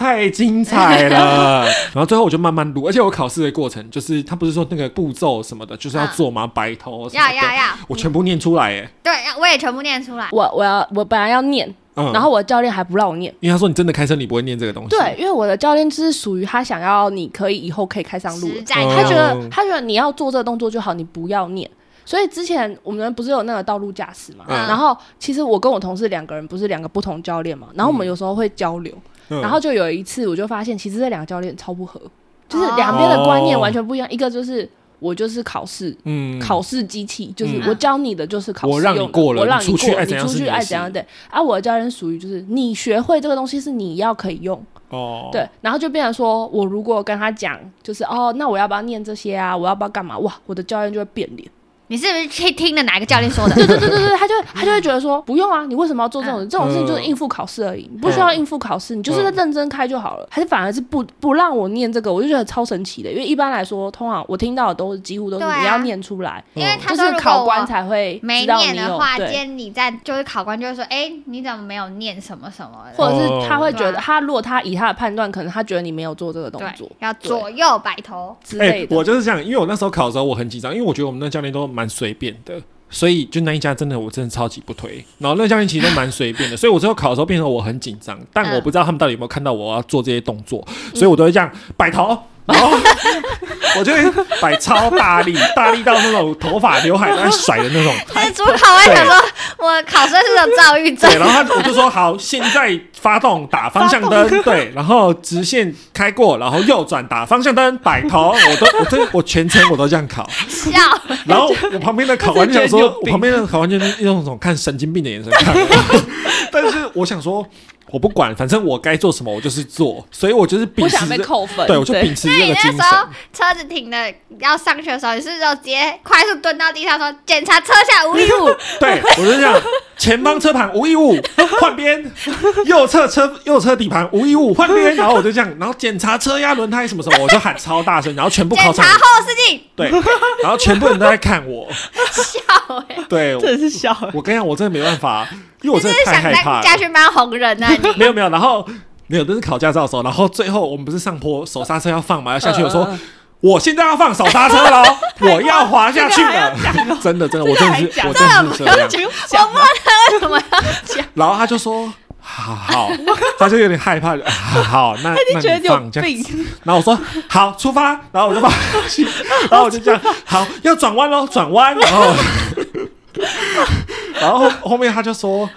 太精彩了！ 然後最後我就慢慢錄。而且我考試的過程，就是他不是說那個步驟什麼的，就是要做嘛，擺、嗯、頭什麼的，要要要，我全部念出來耶！嗯、對，我也全部念出來。我我要我本來要念，然後我的教練還不讓我念、嗯，因為他說你真的開車你不會念這個東西。對，因為我的教練就是屬於他想要你可以以後可以開上路、嗯，他覺得他覺得你要做這個動作就好，你不要念。所以之前我們不是有那個道路駕駛嘛，然後其實我跟我同事兩個人不是兩個不同教練嘛，然後我們有時候會交流。然後就有一次，我就發現其實這兩個教練超不合，就是兩邊的觀念完全不一樣。一個就是我就是考試，嗯，考試機器，就是我教你的就是考試用，我讓你過，你出去愛怎樣怎樣。啊，我的教練屬於就是你學會這個東西是你要可以用哦，對。然後就變成說我如果跟他講就是哦，那我要不要念這些啊？我要不要幹嘛？哇，我的教練就會變臉。你是不是去聽，聽了哪一個教練說的？對 對對對對，他就他就會覺得說不用啊，你為什麼要做這種事？嗯、這種事情就是應付考試而已，嗯，不需要應付考試，嗯，你就是在認真開就好了。嗯、還是反而是不不讓我念這個，我就覺得超神奇的，因為一般來說，通常我聽到的都是幾乎都是，啊、你要念出來，嗯、因為他就是考官才會。沒念的話，今天你在就是考官就會說，哎、欸，你怎麼沒有念什麼什麼？或者是他會覺得，他如果他以他的判斷，可能他覺得你沒有做這個動作，要左右擺頭之類的，欸。我就是這樣，因為我那時候考的時候我很緊張，因為我覺得我們那教練都蠻隨便的，所以就那一家真的，我真的超級不推。然後那教練其實都蠻隨便的，所以我最後考的時候變成我很緊張，但我不知道他們到底有沒有看到我要做這些動作，嗯、所以我都會這樣擺頭，然後我就會擺超大力， 大力到那種頭髮劉海都在甩的那種。那主考官想說，我考生是有躁鬱症。對，然後他就說好，現在。發動，打方向燈，對，然後直線開過，然後右轉， 打方向燈，擺頭，我都，我都我全程我都這樣考。笑。 然後我旁邊的考官就說：“我旁邊的考官就用那種看神經病的眼神看。 ”但是我想說，我不管，反正我該做什麼，我就是做。所以，我就是秉持不想被扣分對，對，我就秉持這個精神。那，你那時候車子停了要上去的時候，你是就直接快速蹲到地上說：“檢查車下無異物。 ”對，我就這樣。 前方車盤無異物，換邊；右側車右側底盤無異物，換邊。然後我就這樣，然後檢查車壓輪 胎什麼什候什麼我就喊超大聲，然後全部檢查後視鏡。對，然後全部人都在看我笑誒、欸、對，真的是笑、欸。我跟你講，我真的沒辦法，因為我真的太害怕。駕訓班紅人呢、啊？沒有沒有，然後沒有，都是考駕照的時候。然後最後我們不是上坡，手剎車要放嘛，要下去。我說。呃我現在要放手剎車了 我要滑下去了，真的，這個還要講喔， 真的，我講，我真的是，我，我，真的是我不能這麼講。然後他就說：“好好， 他就有點害怕。好”好，那 他你那你放，然後我說：“好，出發。”然後我就把， 然後我就這樣，好，要轉彎嘍，轉彎。然後， 然後後，後面他就說：“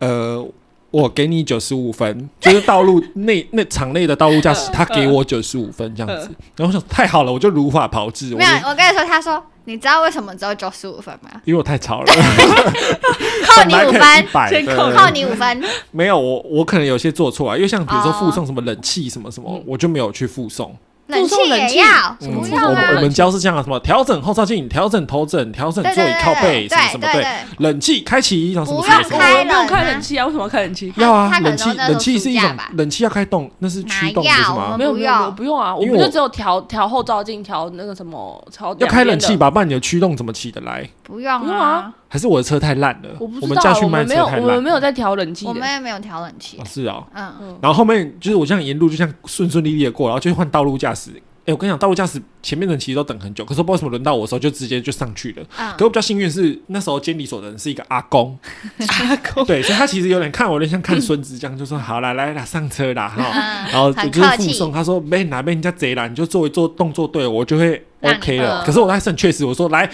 呃。”我給你九十五分， 就是道路那那場內的道路駕駛， 他給我九十五分這樣子。 然後說太好了，我就如法炮製。我我跟你說，他說，你知道為什麼只有九十五分嗎？因為我太吵了， 扣你五分，監 控扣你五分。 沒有，我我可能有些做錯啊，因為像比如說附送什麼冷氣什麼什麼，哦、我就沒有去附送。不送冷氣、嗯啊，我們我們教是這樣啊，什麼調整後照鏡，調整頭枕，調整座椅靠背，什麼什麼對，冷氣開啟，你想什麼什麼，對對對開，不用開、啊麼麼啊、沒有開冷氣啊，為什麼要開冷氣、啊？要啊，冷氣冷氣是一種冷氣要開動，那是驅動的，是嗎？沒有，不用，不用啊，我們就只有調調後照鏡，調那個什麼，調要開冷氣吧，不然你的驅動怎麼起得來？不用啊。不用啊還是我的車太爛了，了，我們下去賣車，我們沒有在調冷氣，我們也沒有調冷氣、啊。是啊、喔，嗯嗯。然後後面就是我這樣沿路，就像順順利利的過，然後就換道路駕駛。誒、欸，我跟你講，道路駕駛前面的人其實都等很久，可是不知道為什麼輪到我的時候就直接就上去了。啊、嗯，可是我比較幸運是那時候監理所的人是一個阿公，阿、啊、公 對，所以他其實有點看我的，有點像看孫子這樣，嗯、就說好了，來啦，上車啦哈、嗯。然後就，就是附送，很他說沒哪被人家賊啦，你就作為做動作對，我就會 OK 了。可是我當時很確實，我說來。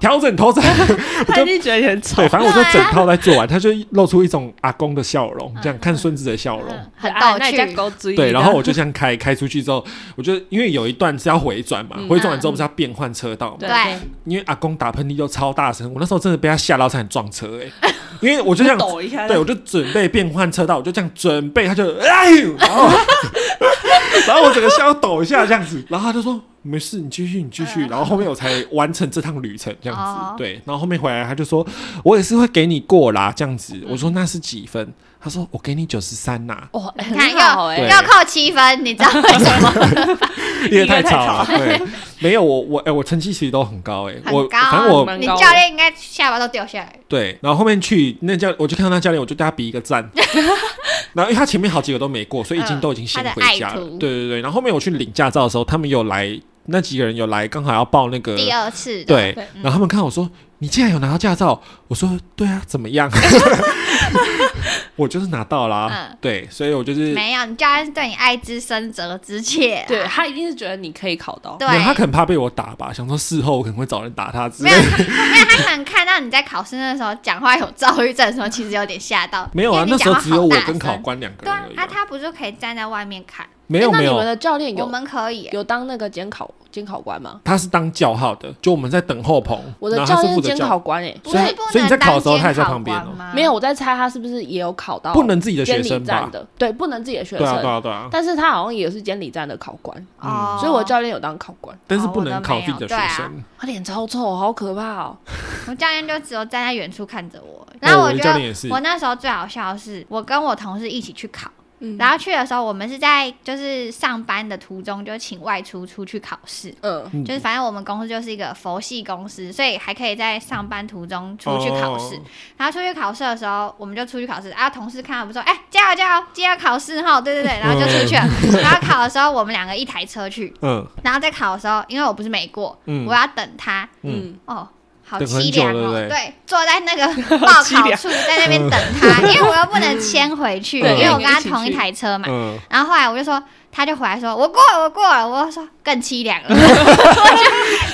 調整頭枕 我就覺得有點醜。對，反正我就整套在做完啊啊，他就露出一種阿公的笑容，這樣看孫子的笑容，嗯嗯很道歉。對，然後我就這樣開開出去之後，我就因為有一段是要回轉嘛，嗯啊、回轉完之後不是要變換車道嘛？對,對,對。因為阿公打噴嚏就超大聲，我那時候真的被他嚇到差點撞車哎、欸。 因為我就這樣，對，我就準備變換車道，我就這樣準備，他就哎呦。然後 然後我整個笑要抖一下這樣子，然後他就說沒事，你繼續，你繼續。然後後面我才完成這趟旅程這樣子，對。然後後面回來他就說，我也是會給你過啦這樣子。我說那是幾分？他說：“我給你九十三吶，哇，太好哎、欸！要扣七分，你知道為什麼？因為 也太吵了。吵了 對，沒有我，我哎、欸，我成績其實都很高哎、欸，很高、啊、我反正我你教練應該下巴都掉下來。對，然後後面去那教，我就看到那教練，我就給他比一個贊。 然後因為他前面好幾個都沒過，所以已經、呃、都已經先回家了。對對對。然後後面我去領駕照的時候，他們有來那幾個人有來，剛好要報那個第二次。對、對、嗯。然後他們看我說你竟然有拿到駕照，我說對啊，怎麼樣？” 我就是拿到了、嗯，對，所以我就是沒有。你教練是對你愛之深責之切，對，他一定是覺得你可以考到，對，他很怕被我打吧？想說事後我可能會找人打他之類的。 沒，有沒有，他可能看到你在考試那時候講話有躁鬱症的時候，候其實有點嚇到。 沒有啊，那時候只有我跟考官兩個人。對啊，他他不就可以站在外面看？沒有，沒、欸、有。你們的教練有我們可以有當那個監考監考官嗎？他是當教號的，就我們在等候棚。我的教練是監考官哎，所以不不所以你在考的時候他也在旁邊、喔、嗎？沒有，我在猜。他是不是也有考到不能自己的監理站的？對，不能自己的學生。對啊、對啊、對啊、但是他好像也是監理站的考官，嗯、所以我教練有當考官，嗯，但是不能考自己的學生。他、哦、臉、啊、超臭，好可怕哦、喔！ 我教練就只有站在遠處看着我。然 後我覺得、哦、我，我那時候最好笑的是，我跟我同事一起去考。嗯、然後去的時候，我們是在就是上班的途中就請外出出去考試，嗯、呃，就是反正我們公司就是一個佛系公司，所以還可以在上班途中出去考試。哦、然後出去考試的時候，我們就出去考試然後、啊、同事看到我們說，哎、欸，加油加油，今天要考試哈、哦，對對對，然後就出去了、嗯。然後考的時候，我們兩個一台車去，嗯，然後在考的時候，因為我不是沒過，嗯、我要等他，嗯，嗯哦。好淒涼哦，對，坐在那個報考處，在那邊等他，因為我又不能先回去， 因為我跟他同一台車嘛，台車嘛。然後後來我就說，他就回來說我過了，我過了，我說更淒涼了，我 就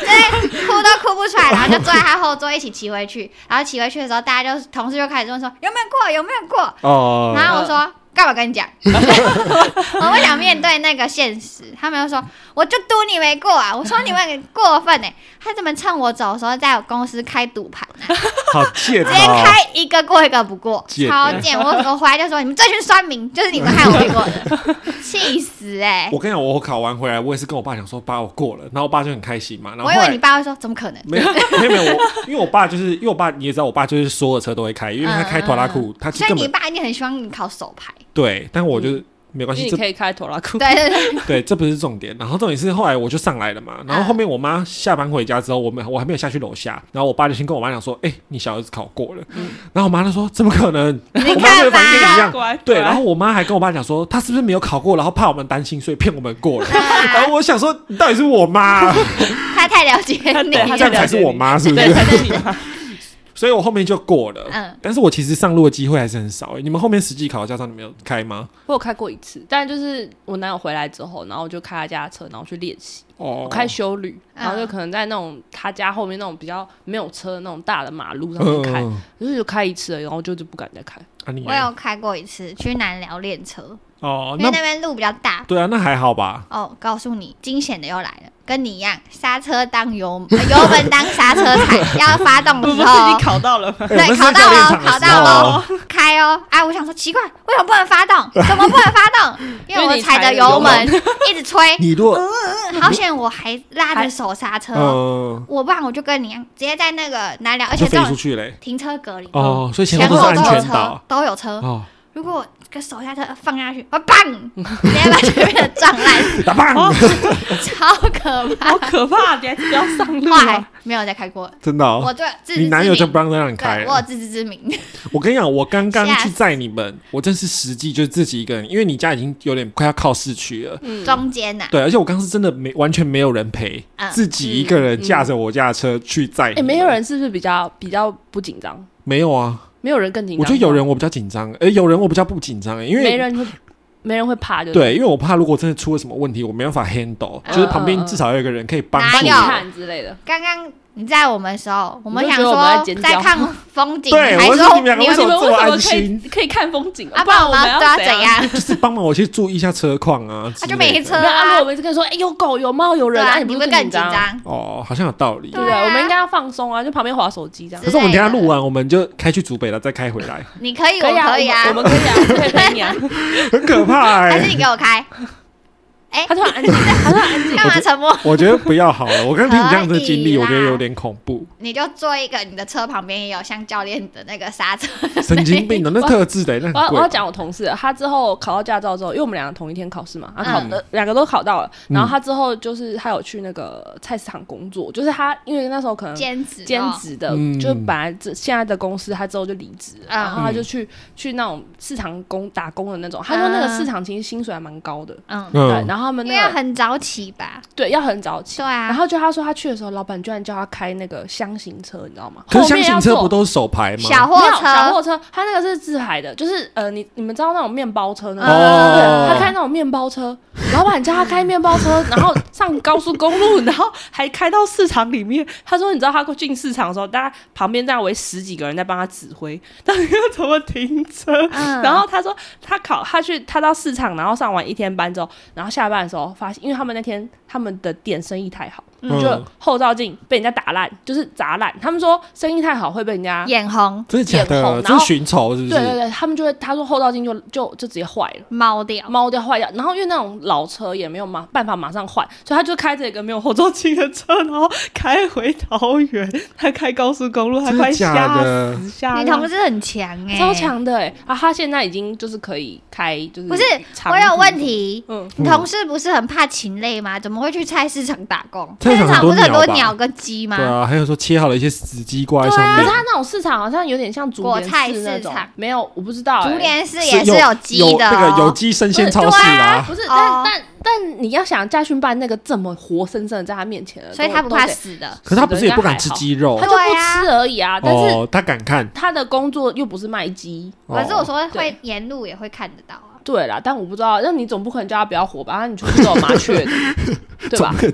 哭都哭不出來，然後就坐在他後座一起騎回去。然後騎回去的時候，大家就同事就開始問說有沒有過，有沒有過，有有過 oh. 然後我說。Oh. 幹嘛跟你講？ 我不想面對那個現實。 他們又說，我就賭你沒過啊！我說你們過分呢、欸？他怎麼趁我走的時候，在我公司開賭盤啊！好賤啊、哦！直接開一個過一個不過，超賤！我我回來就說， 你們這群酸民，就是你們害我不過的，氣 死哎、欸！我跟你講，我考完回來，我也是跟我爸講說，爸我過了，然後我爸就很開心嘛。然後後我以為你爸會說怎麼可能？沒有沒有 沒有我，因為我爸就是因為我爸你也知道，我爸就是所有車都會開，因為他開拖拉庫。嗯，他所以你爸一定很喜歡你考手排。對，但我就是、嗯、沒關係，你可以開拖拉機。對對，對，對， 對這不是重點。然後重點是後來我就上來了嘛。然後後面我媽下班回家之後，我們我還沒有下去樓下，然後我爸就先跟我媽講說：“哎、嗯欸，你小兒子考過了。嗯”然後我媽就說：“怎麼可能？嗯、我媽會有反應跟你，你看吧。”一樣對，然後我媽還跟我爸講說：“她是不是沒有考過？然後怕我們擔心，所以騙我們過了。啊”然後我想說，你到底是我媽，她 太了解你了， 這樣才是我媽，是不是？對才是你 所以我後面就過了，嗯，但是我其實上路的機會還是很少。你們後面實際考駕照，你們有開嗎？我有開過一次，但就是我男友回來之後，然後就開他家的車，然後去練習，哦，我開休旅，然後就可能在那種他家後面那種比較沒有車的那種大的馬路上面開，嗯，就是就開一次而已，然後就是不敢再開。啊，你也，我也有開過一次，去南寮練車。哦，因為那邊路比較大。對啊，那還好吧。哦，告訴你，驚險的又來了，跟你一樣，剎車當油門 油門當剎車踩， 要發動的時候。的是你考到了對，考到了、欸，考到了， 開哦、喔！哎、啊，我想說，奇怪，為什麼不能發動？ 怎麼不能發動？因為我踩着油門一直吹。 你、嗯、好險！我還拉着手剎車、呃，我不然我就跟你一樣，直接在那個難聊，而且撞出去停車格裡。哦，所以前後都是安全島，前後都有車，都有車。哦，如果。個手下車放下去，要把前面的撞爛，棒！ 哦、 超可怕，好可怕、啊！直接要上來、啊、沒有再開過，真的、哦。我對你男友就不讓他讓你開，我有自知之明。我跟你講，我剛剛去載你們，我真是實際就是自己一個人，因為你家已經有點快要靠市區了，中間吶。對，而且我剛剛是真的沒完全沒有人陪，嗯、自己一個人駕着我家的車去載、嗯嗯欸。沒有人是不是比較比較不緊張？沒有啊。沒有人更緊張，我覺得有人我比較緊張，欸、有人我比較不緊張、欸，因為沒人會沒人會怕對，對，因為我怕如果真的出了什麼問題，我沒辦法 handle，、啊、就是旁邊至少有一個人可以幫助，啊啊、你看之類的，剛剛。你在我們的時候，我，我，們我們想說在看風景， 對還是說你們，個你們為什麼這麼安心？可以，可以看風景、啊。阿爸，我們要怎樣？就是幫忙我去注意一下車況啊。他就沒車啊。阿我們就跟你說，哎、欸，有狗，有貓，有人啊，你不跟你你會更緊張？哦，好像有道理、啊。對對我們應該要放鬆啊，就旁邊滑手機這樣。可是我們等下錄完，我們就開去竹北了，再開回來。你可以，我可以啊，我們可以啊，可以啊。很可怕、欸、還是你給我開？哎、欸，他突然， 他突然突幹然 突然 嘛沉默我？我覺得不要好了。我剛聽你這樣子的經歷，我覺得有點恐怖。你就坐一個，你的車旁邊也有像教練的那個剎車。神經病，的，那特制的、欸那我。我要講我,我同事，他之後考到駕照之後，因為我們兩個同一天考試嘛，他考的，兩、嗯、個都考到了。然後他之後就是他有去那個菜市場工作，就是他因為那時候可能兼職兼職的、哦，就本來這現在的公司他之後就離職、嗯、然後他就去去那種市場工打工的那種、嗯。他說那個市場其實薪水還蠻高的，嗯，對，嗯、然後。他們那個、要很早起吧？對，要很早起。對啊。然後就他說他去的時候，老板居然叫他開那個箱型車，你知道嗎？可箱型車不都是手排嗎？小貨車，小貨車，他那個是自排的，就是呃，你你們知道那種麵包車那種、哦、對,對,對。他開那種麵包車， 老板叫他開面包車，然後上高速公路，然後還開到市場裡面。 他說，你知道他進市場的時候，大家旁邊站圍十幾個人在幫他指揮，但你要怎麼停車、嗯？然後他說他考，他去，他到市場，然後上完一天班之後，然後下。辦的時候發現，因為他們那天。他們的店生意太好，嗯，就後照鏡被人家打爛，就是砸爛、嗯。他們說生意太好會被人家眼紅，這是假的，然後尋仇是不是？對對對，他們就會他說後照鏡就就就直接壞了，貓掉貓掉壞掉。然後因為那種老車也沒有嘛，辦法馬上換，所以他就開着一個沒有後照鏡的車，然後開回桃園。他開高速公路還快嚇死，下你同事很強哎、欸，超強的哎、欸、啊，他現在已經就是可以開，就是不是我有問題？嗯，你同事不是很怕禽類嗎？怎麼？我會去菜市場打工，菜市場,菜市場不是很多鳥跟雞嗎？對啊，還有說切好了一些死雞掛在上面。啊、可是他那種市場好像有點像果菜市場，沒有，我不知道、欸。竹聯市也是有雞的、哦，這個有機生鮮超市啊。不是，啊、不是但、哦、但但你要想，駕訓班那個這麼活生生的在他面前，所以他不怕死的,可死的。可是他不是也不敢吃雞肉、啊，他就不吃而已啊。但是他敢看，他的工作又不是賣雞。可、哦、是我說會,會沿路也會看得到。對啦，但我不知道，那你總不可能叫他不要活吧？那他出去走麻雀的， 對吧？對，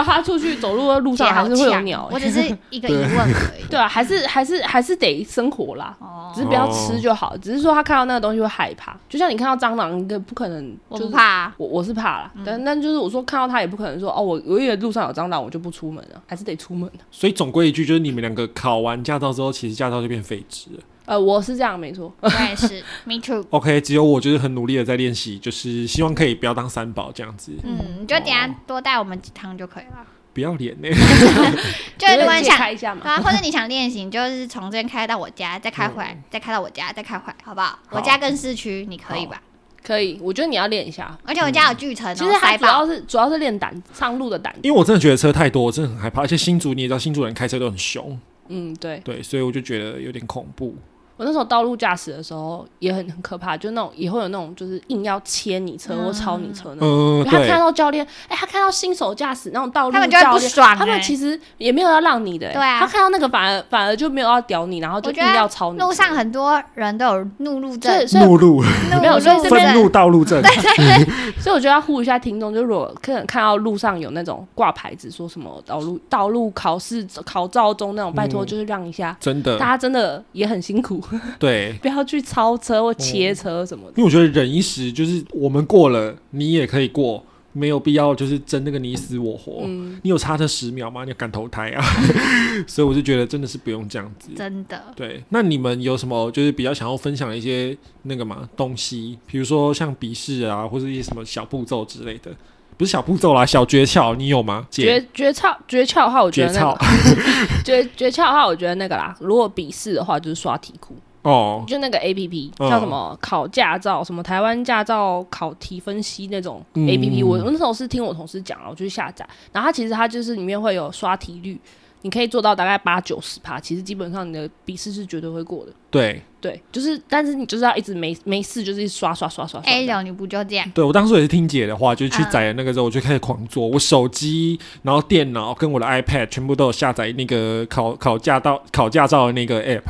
他出去走路的路上還是會有鳥。我只是一個疑問而已。對啊，還是還是還是得生活啦， 只是不要吃就好、哦。只是說他看到那個東西會害怕，就像你看到蟑螂，你不可能、就是，就不怕、啊，我我是怕啦。但、嗯、但就是我說看到他也不可能說哦，我以為路上有蟑螂我就不出門了、啊，還是得出門的、啊。所以總歸一句，就是你們兩個考完駕照之後，其實駕照就變廢紙了。呃，我是這樣，沒錯，我 也是，me too。OK，只有我就是很努力的在練習，就是希望可以不要當三寶這樣子。嗯，你就等一下多帶我們幾趟就可以了。不要臉呢、欸， 就是如果你想，開一下嘛啊，或者你想練習，就是從這邊開到我家，再開回來、嗯，再開到我家，再開回來，好不好？好。我家跟市區，你可以吧？可以，我覺得你要練一下。而且我家有巨城、哦嗯，其實還主要是主要是練膽，上路的膽子。因為我真的覺得車太多，我真的很害怕。而且新竹你也知道，新竹人開車都很兇。嗯，對，對，所以我就覺得有點恐怖。我那時候道路駕駛的時候也很很可怕，就那種也會有那種就是硬要切你車或超你車那種。嗯，他看到教練，哎、嗯欸，他看到新手駕駛那種道路，他們就會不爽、欸。他們其實也沒有要讓你的、欸，對啊。他看到那個反而反而就沒有要屌你，然後就硬要超你。路上很多人都有怒路症，怒路沒有怒路憤怒，路在怒路道路症 對，對，對 所以我覺得要呼籲一下聽眾，就如果可能看到路上有那種掛牌子說什麼道路道路考試考照中那種，嗯、拜託就是讓一下。真的，大家真的也很辛苦。 對，不要去超車或切車什麼的、嗯，因為我覺得忍一時就是我們過了、嗯，你也可以過，沒有必要就是爭那個你死我活。嗯嗯、你有差這十秒嗎？你敢投胎啊？ 所以我就覺得真的是不用這樣子，真的。對，那你們有什麼就是比較想要分享一些那個嘛東西，比如說像筆試啊，或者一些什麼小步驟之類的。不是小步驟啦，小訣竅，你有嗎？訣訣竅訣竅的話，我覺得那個訣訣 竅的話，我覺得那個啦。如果筆試的話，就是刷題庫哦，oh. 就那個 A P P 叫什麼考駕照，什麼台灣駕照考題分析那種 A P P。嗯。我那時候是聽我同事講，然後就去下載，然後它其實它就是裡面會有刷題率，你可以做到大概八九十趴，其實基本上你的筆試是絕對會過的。對。對，就是，但是你就是要一直沒沒事，就是刷刷刷刷刷，哎，聊你不就這樣？對，我當時也是聽姐的話，就是去載那個時候，嗯，我就開始狂做。我手機，然後電腦跟我的 iPad 全部都有下載那個考考駕到考駕照的那個 App，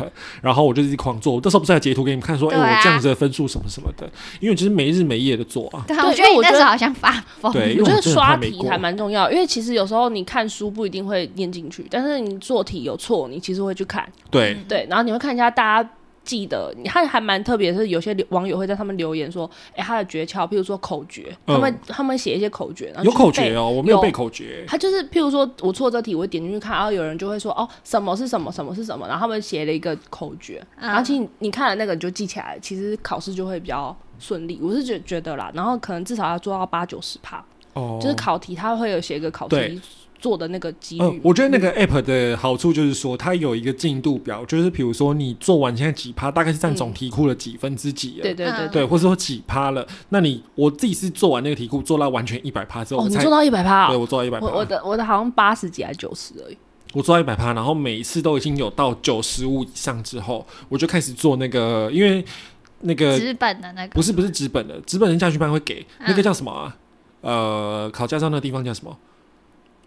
然後我就一直狂做。我到時候不是要截圖給你們看說，說哎、啊欸，我這樣子的分數什麼什麼的，因為其實沒日沒夜的做啊。對，對因為那時候好像發瘋。我覺得我就是刷題還蠻重要，因為其實有時候你看書不一定會念進去，但是你做題有錯，你其實會去看。對對，然後你會看一下大家。記得，你還還蠻特別，是有些網友會在他們留言說，哎、欸，他的訣竅，譬如說口訣、嗯，他們他們寫一些口訣，然後有口訣哦，我沒有背口訣，他就是譬如說我錯這題，我會點進去看，然後有人就會說，哦，什麼是什麼，什麼是什麼，然後他們寫了一個口訣，而、嗯、且你看了那個你就記起來，其實考試就會比較順利，我是覺得覺得啦，然後可能至少要做到八九十趴，哦，就是考題他會有寫一個考題。做的那個機嗯、呃，我覺得那個 app 的好處就是說，它有一個進度表，就是比如說你做完現在幾趴，大概是占總題庫的幾分之幾，嗯？對對對，對，對，啊、或者說幾趴了？那你我自己是做完那個題庫，做到完全一百趴之後，哦才，你做到一百趴，對，我做到一百趴，我的我的好像八十幾還九十而已。我做到一百趴，然後每一次都已經有到九十五以上之後，我就開始做那個，因為那個直本，啊那個、不是不是直本的直本的駕訓班會給，嗯、那個叫什麼，啊？呃，考駕照那個地方叫什麼？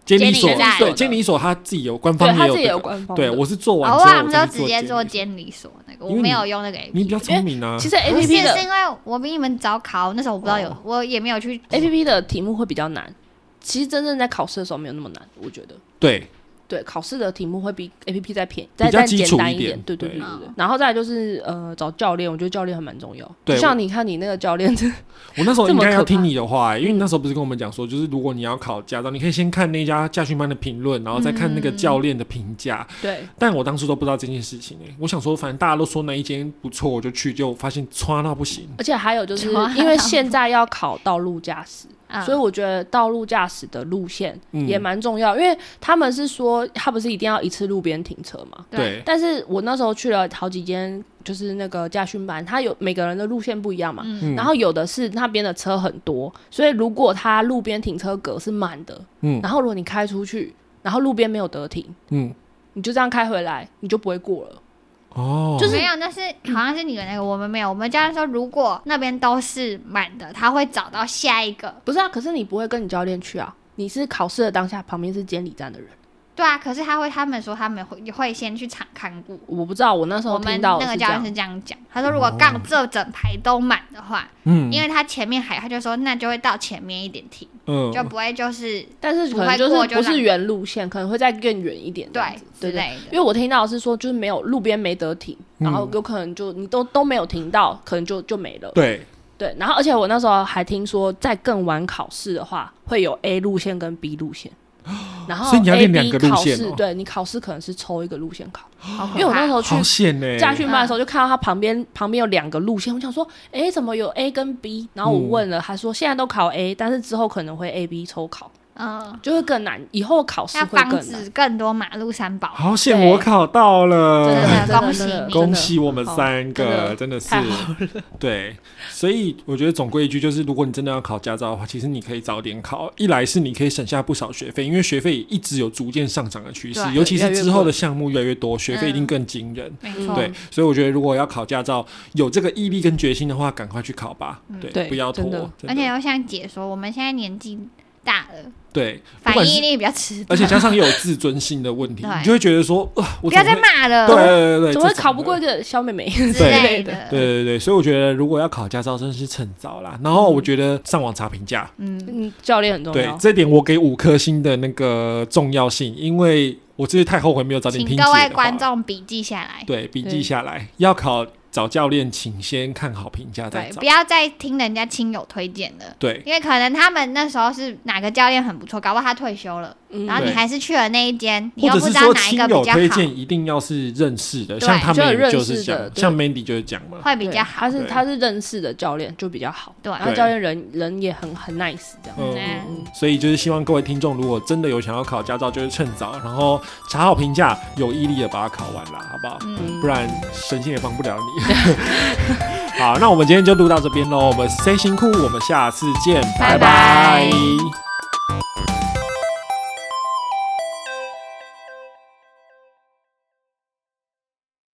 監理所理對，監理所他自己有官方有、這個對，他自己有官方。對，我是做完之後好，我當初直接做監理所那個，我沒有用那個 A P P。你比較聰明啊，其實 A P P 是因為我比你們早考，那時候我不知道有。哦、我也沒有去。A P P 的題目會比較難，其實真正在考試的時候沒有那麼難，我覺得。對。對考試的題目會比 A P P 再便再再簡單一點，對對對,對,對,對、哦、然後再來就是呃找教練，我覺得教練還蠻重要。對，就像你看你那個教練，我, 我那時候應該要聽你的話、欸，因為你那時候不是跟我們講說、嗯，就是如果你要考駕照，你可以先看那家駕訓班的評論，然後再看那個教練的評價。對、嗯，但我當初都不知道這件事情哎、欸，我想說反正大家都說那一間不錯，我就去，就發現差到不行。而且還有就是因為現在要考道路駕駛。啊、所以我覺得道路駕駛的路線也蠻重要，嗯、因為他們是說他不是一定要一次路邊停車嘛。對。但是我那時候去了好幾間，就是那個駕訓班，他有每個人的路線不一樣嘛。嗯、然後有的是那邊的車很多，所以如果他路邊停車格是滿的，嗯、然後如果你開出去，然後路邊沒有得停，嗯、你就這樣開回來，你就不會過了。哦、oh.，就是沒有，那是好像是你的那個，我們沒有。我們教練說，如果那邊都是滿的，他會找到下一個。不是啊，可是你不會跟你教練去啊？你是考試的當下，旁邊是監理站的人。對啊，可是他會，他們說他們會會先去場看過。我不知道，我那時候聽到我們那個教練是這樣講，他說如果槓這整排都滿的話，嗯、oh.，因為他前面還，他就說那就會到前面一點停。就不會就是、呃，但是可能就是不是原路線，可能會再更遠一點，對，對，對,對，因為我聽到是說，就是沒有路邊沒得停、嗯，然後有可能就你都都沒有停到，可能就就沒了。對對，然後而且我那時候還聽說，在更晚考試的話，會有 A 路線跟 B 路線。 然後 A，所以你要練兩個路線。A, B 考試哦，對，你考試可能是抽一個路線考，好好，因為我那時候去駕訓班的時候，就看到他旁邊、啊、旁邊有兩個路線，我想說，誒怎麼有 A 跟 B？然後我問了，他、嗯、說現在都考 A，但是之後可能會 A、B 抽考。嗯，就會、是、更難。以後考試會更難，更多馬路三寶。好險，我考到了！對，真的呵呵真的真的恭喜恭喜我們三個，哦、真，的真的是太好了。對，所以我覺得總歸一句就是，如果你真的要考駕照的話，其實你可以早點考。一來是你可以省下不少學費，因為學費一直有逐漸上漲的趨勢，尤其是之後的項目越來越多，越來越多嗯、學費一定更驚人。沒錯。對，所以我覺得如果要考駕照，有這個毅力跟決心的話，趕快去考吧。嗯、對對，不要拖。而且要像姐說，我們現在年紀。大了，對，反應力比較遲鈍，而且加上又有自尊心的問題， 你就會覺得說，呃、我不要再罵了，對對對對，對，我考不過個小妹妹之類的，對對對，所以我覺得如果要考駕照，真的是趁早啦。然後我覺得上網查評價，嗯，嗯，教練很重要，對，這點我給五顆星的那個重要性，因為我真的太後悔沒有早點聽。各位觀眾筆記下來，對，筆記下來、嗯、要考。找教練，請先看好評價，再找。對，不要再聽人家親友推薦了。對，因為可能他們那時候是哪個教練很不錯，搞不好他退休了，嗯，然後你還是去了那一間，你又不知道哪一個比較好。親友推薦一定要是認識的，像他們就是講，像 Mandy 就是講嘛，會比較好。他是他是認識的教練就比較好，對，然後教練人人也很很 nice 這樣。嗯，所以就是希望各位聽眾，如果真的有想要考駕照，就是趁早，然後查好評價，有毅力的把它考完了，好不好？嗯，不然神仙也幫不了你。 好，那我們今天就錄到這邊嘍。我們 Say, SayThingsCool？我們下次見，拜拜。拜拜。